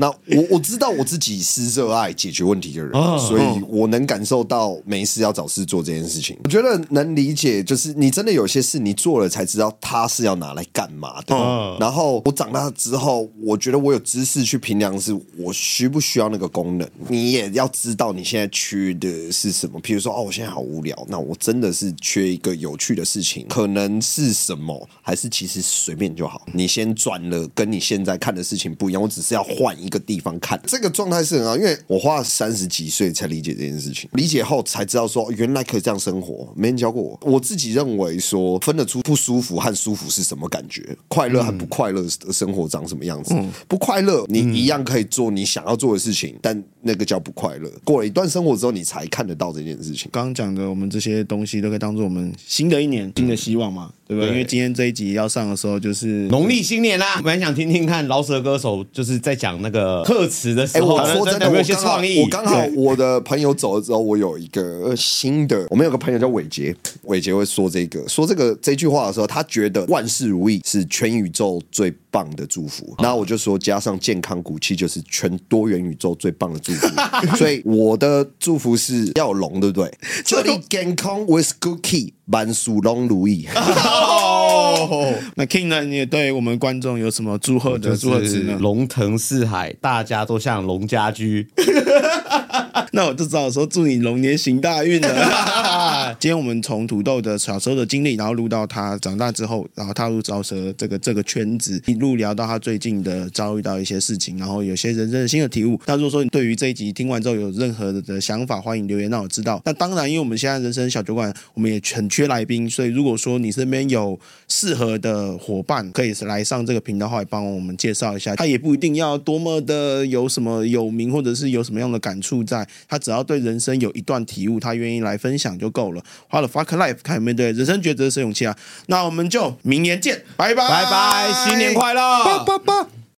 那 <laughs> 我我知道我自己是熱愛解決問題的人，哦、所以我能感受到沒事要找事做這件事情。嗯、我覺得能理解，就是你真的有些事你做了才知道它是要拿來幹嘛的。嗯、然後我長大之後，我覺得我有知識去評量是我需不需要那個功能。你也要知道你現在缺的是什麼？譬如說哦，我現在好無聊，那我真的是缺一個有趣的事情，可能是什麼，還是其實隨便就好。你先轉了，跟你現在看的事情不一樣，我只是要換一個。個地方看。這個狀態是很好，因為我花了三十幾歲才理解這件事情，理解後才知道說原來可以這樣生活，沒人教過我。我自己認為說分得出不舒服和舒服是什麼感覺，嗯、快樂和不快樂的生活長什麼樣子。嗯、不快樂，你一樣可以做你想要做的事情，但那個叫不快樂。過了一段生活之後，你才看得到這件事情。剛剛講的，我們這些東西都可以當做我們新的一年新的希望嘛，嗯、對不對？對，因為今天這一集要上的時候就是農曆新年啦、啊，我本來想聽聽看饒舌歌手就是在講那個。特詞的時候，哎，我說真的，我剛好我剛好我的朋友走了之後，我有一個新的，我們有個朋友叫偉杰，偉杰會說這個說這個這句話的時候，他覺得萬事如意是全宇宙最棒的祝福，那我就說加上健康骨氣就是全多元宇宙最棒的祝福，所以我的祝福是要龍，對不對？祝你健康 with good key，萬事龍如意。那 King 呢？Oh, 啊、你也對我們觀眾有什麼祝賀的祝賀詞呢？龍騰四海，大家都像龍家居。 <laughs> <laughs> 那我就只好說祝你龍年行大運了。 <laughs> 今天我們從土豆的小時候的經歷，然後錄到他長大之後，然後踏入饒舌這個這個圈子，一路聊到他最近的遭遇到一些事情，然後有些人生的新的體悟。那如果說你對於這一集聽完之後有任何的想法，歡迎留言讓我知道。那當然，因為我們現在人生小酒館，我們也很缺來賓，所以如果說你身邊有四。適合的夥伴可以來上這個頻道，話幫我們介紹一下。他也不一定要多麼的有什麼有名，或者是有什麼樣的感觸在，在他只要對人生有一段體悟，他願意來分享就夠了。花了 fuck life，開始面對人生抉擇是勇氣啊！那我們就明年見，拜拜拜拜，新年快樂，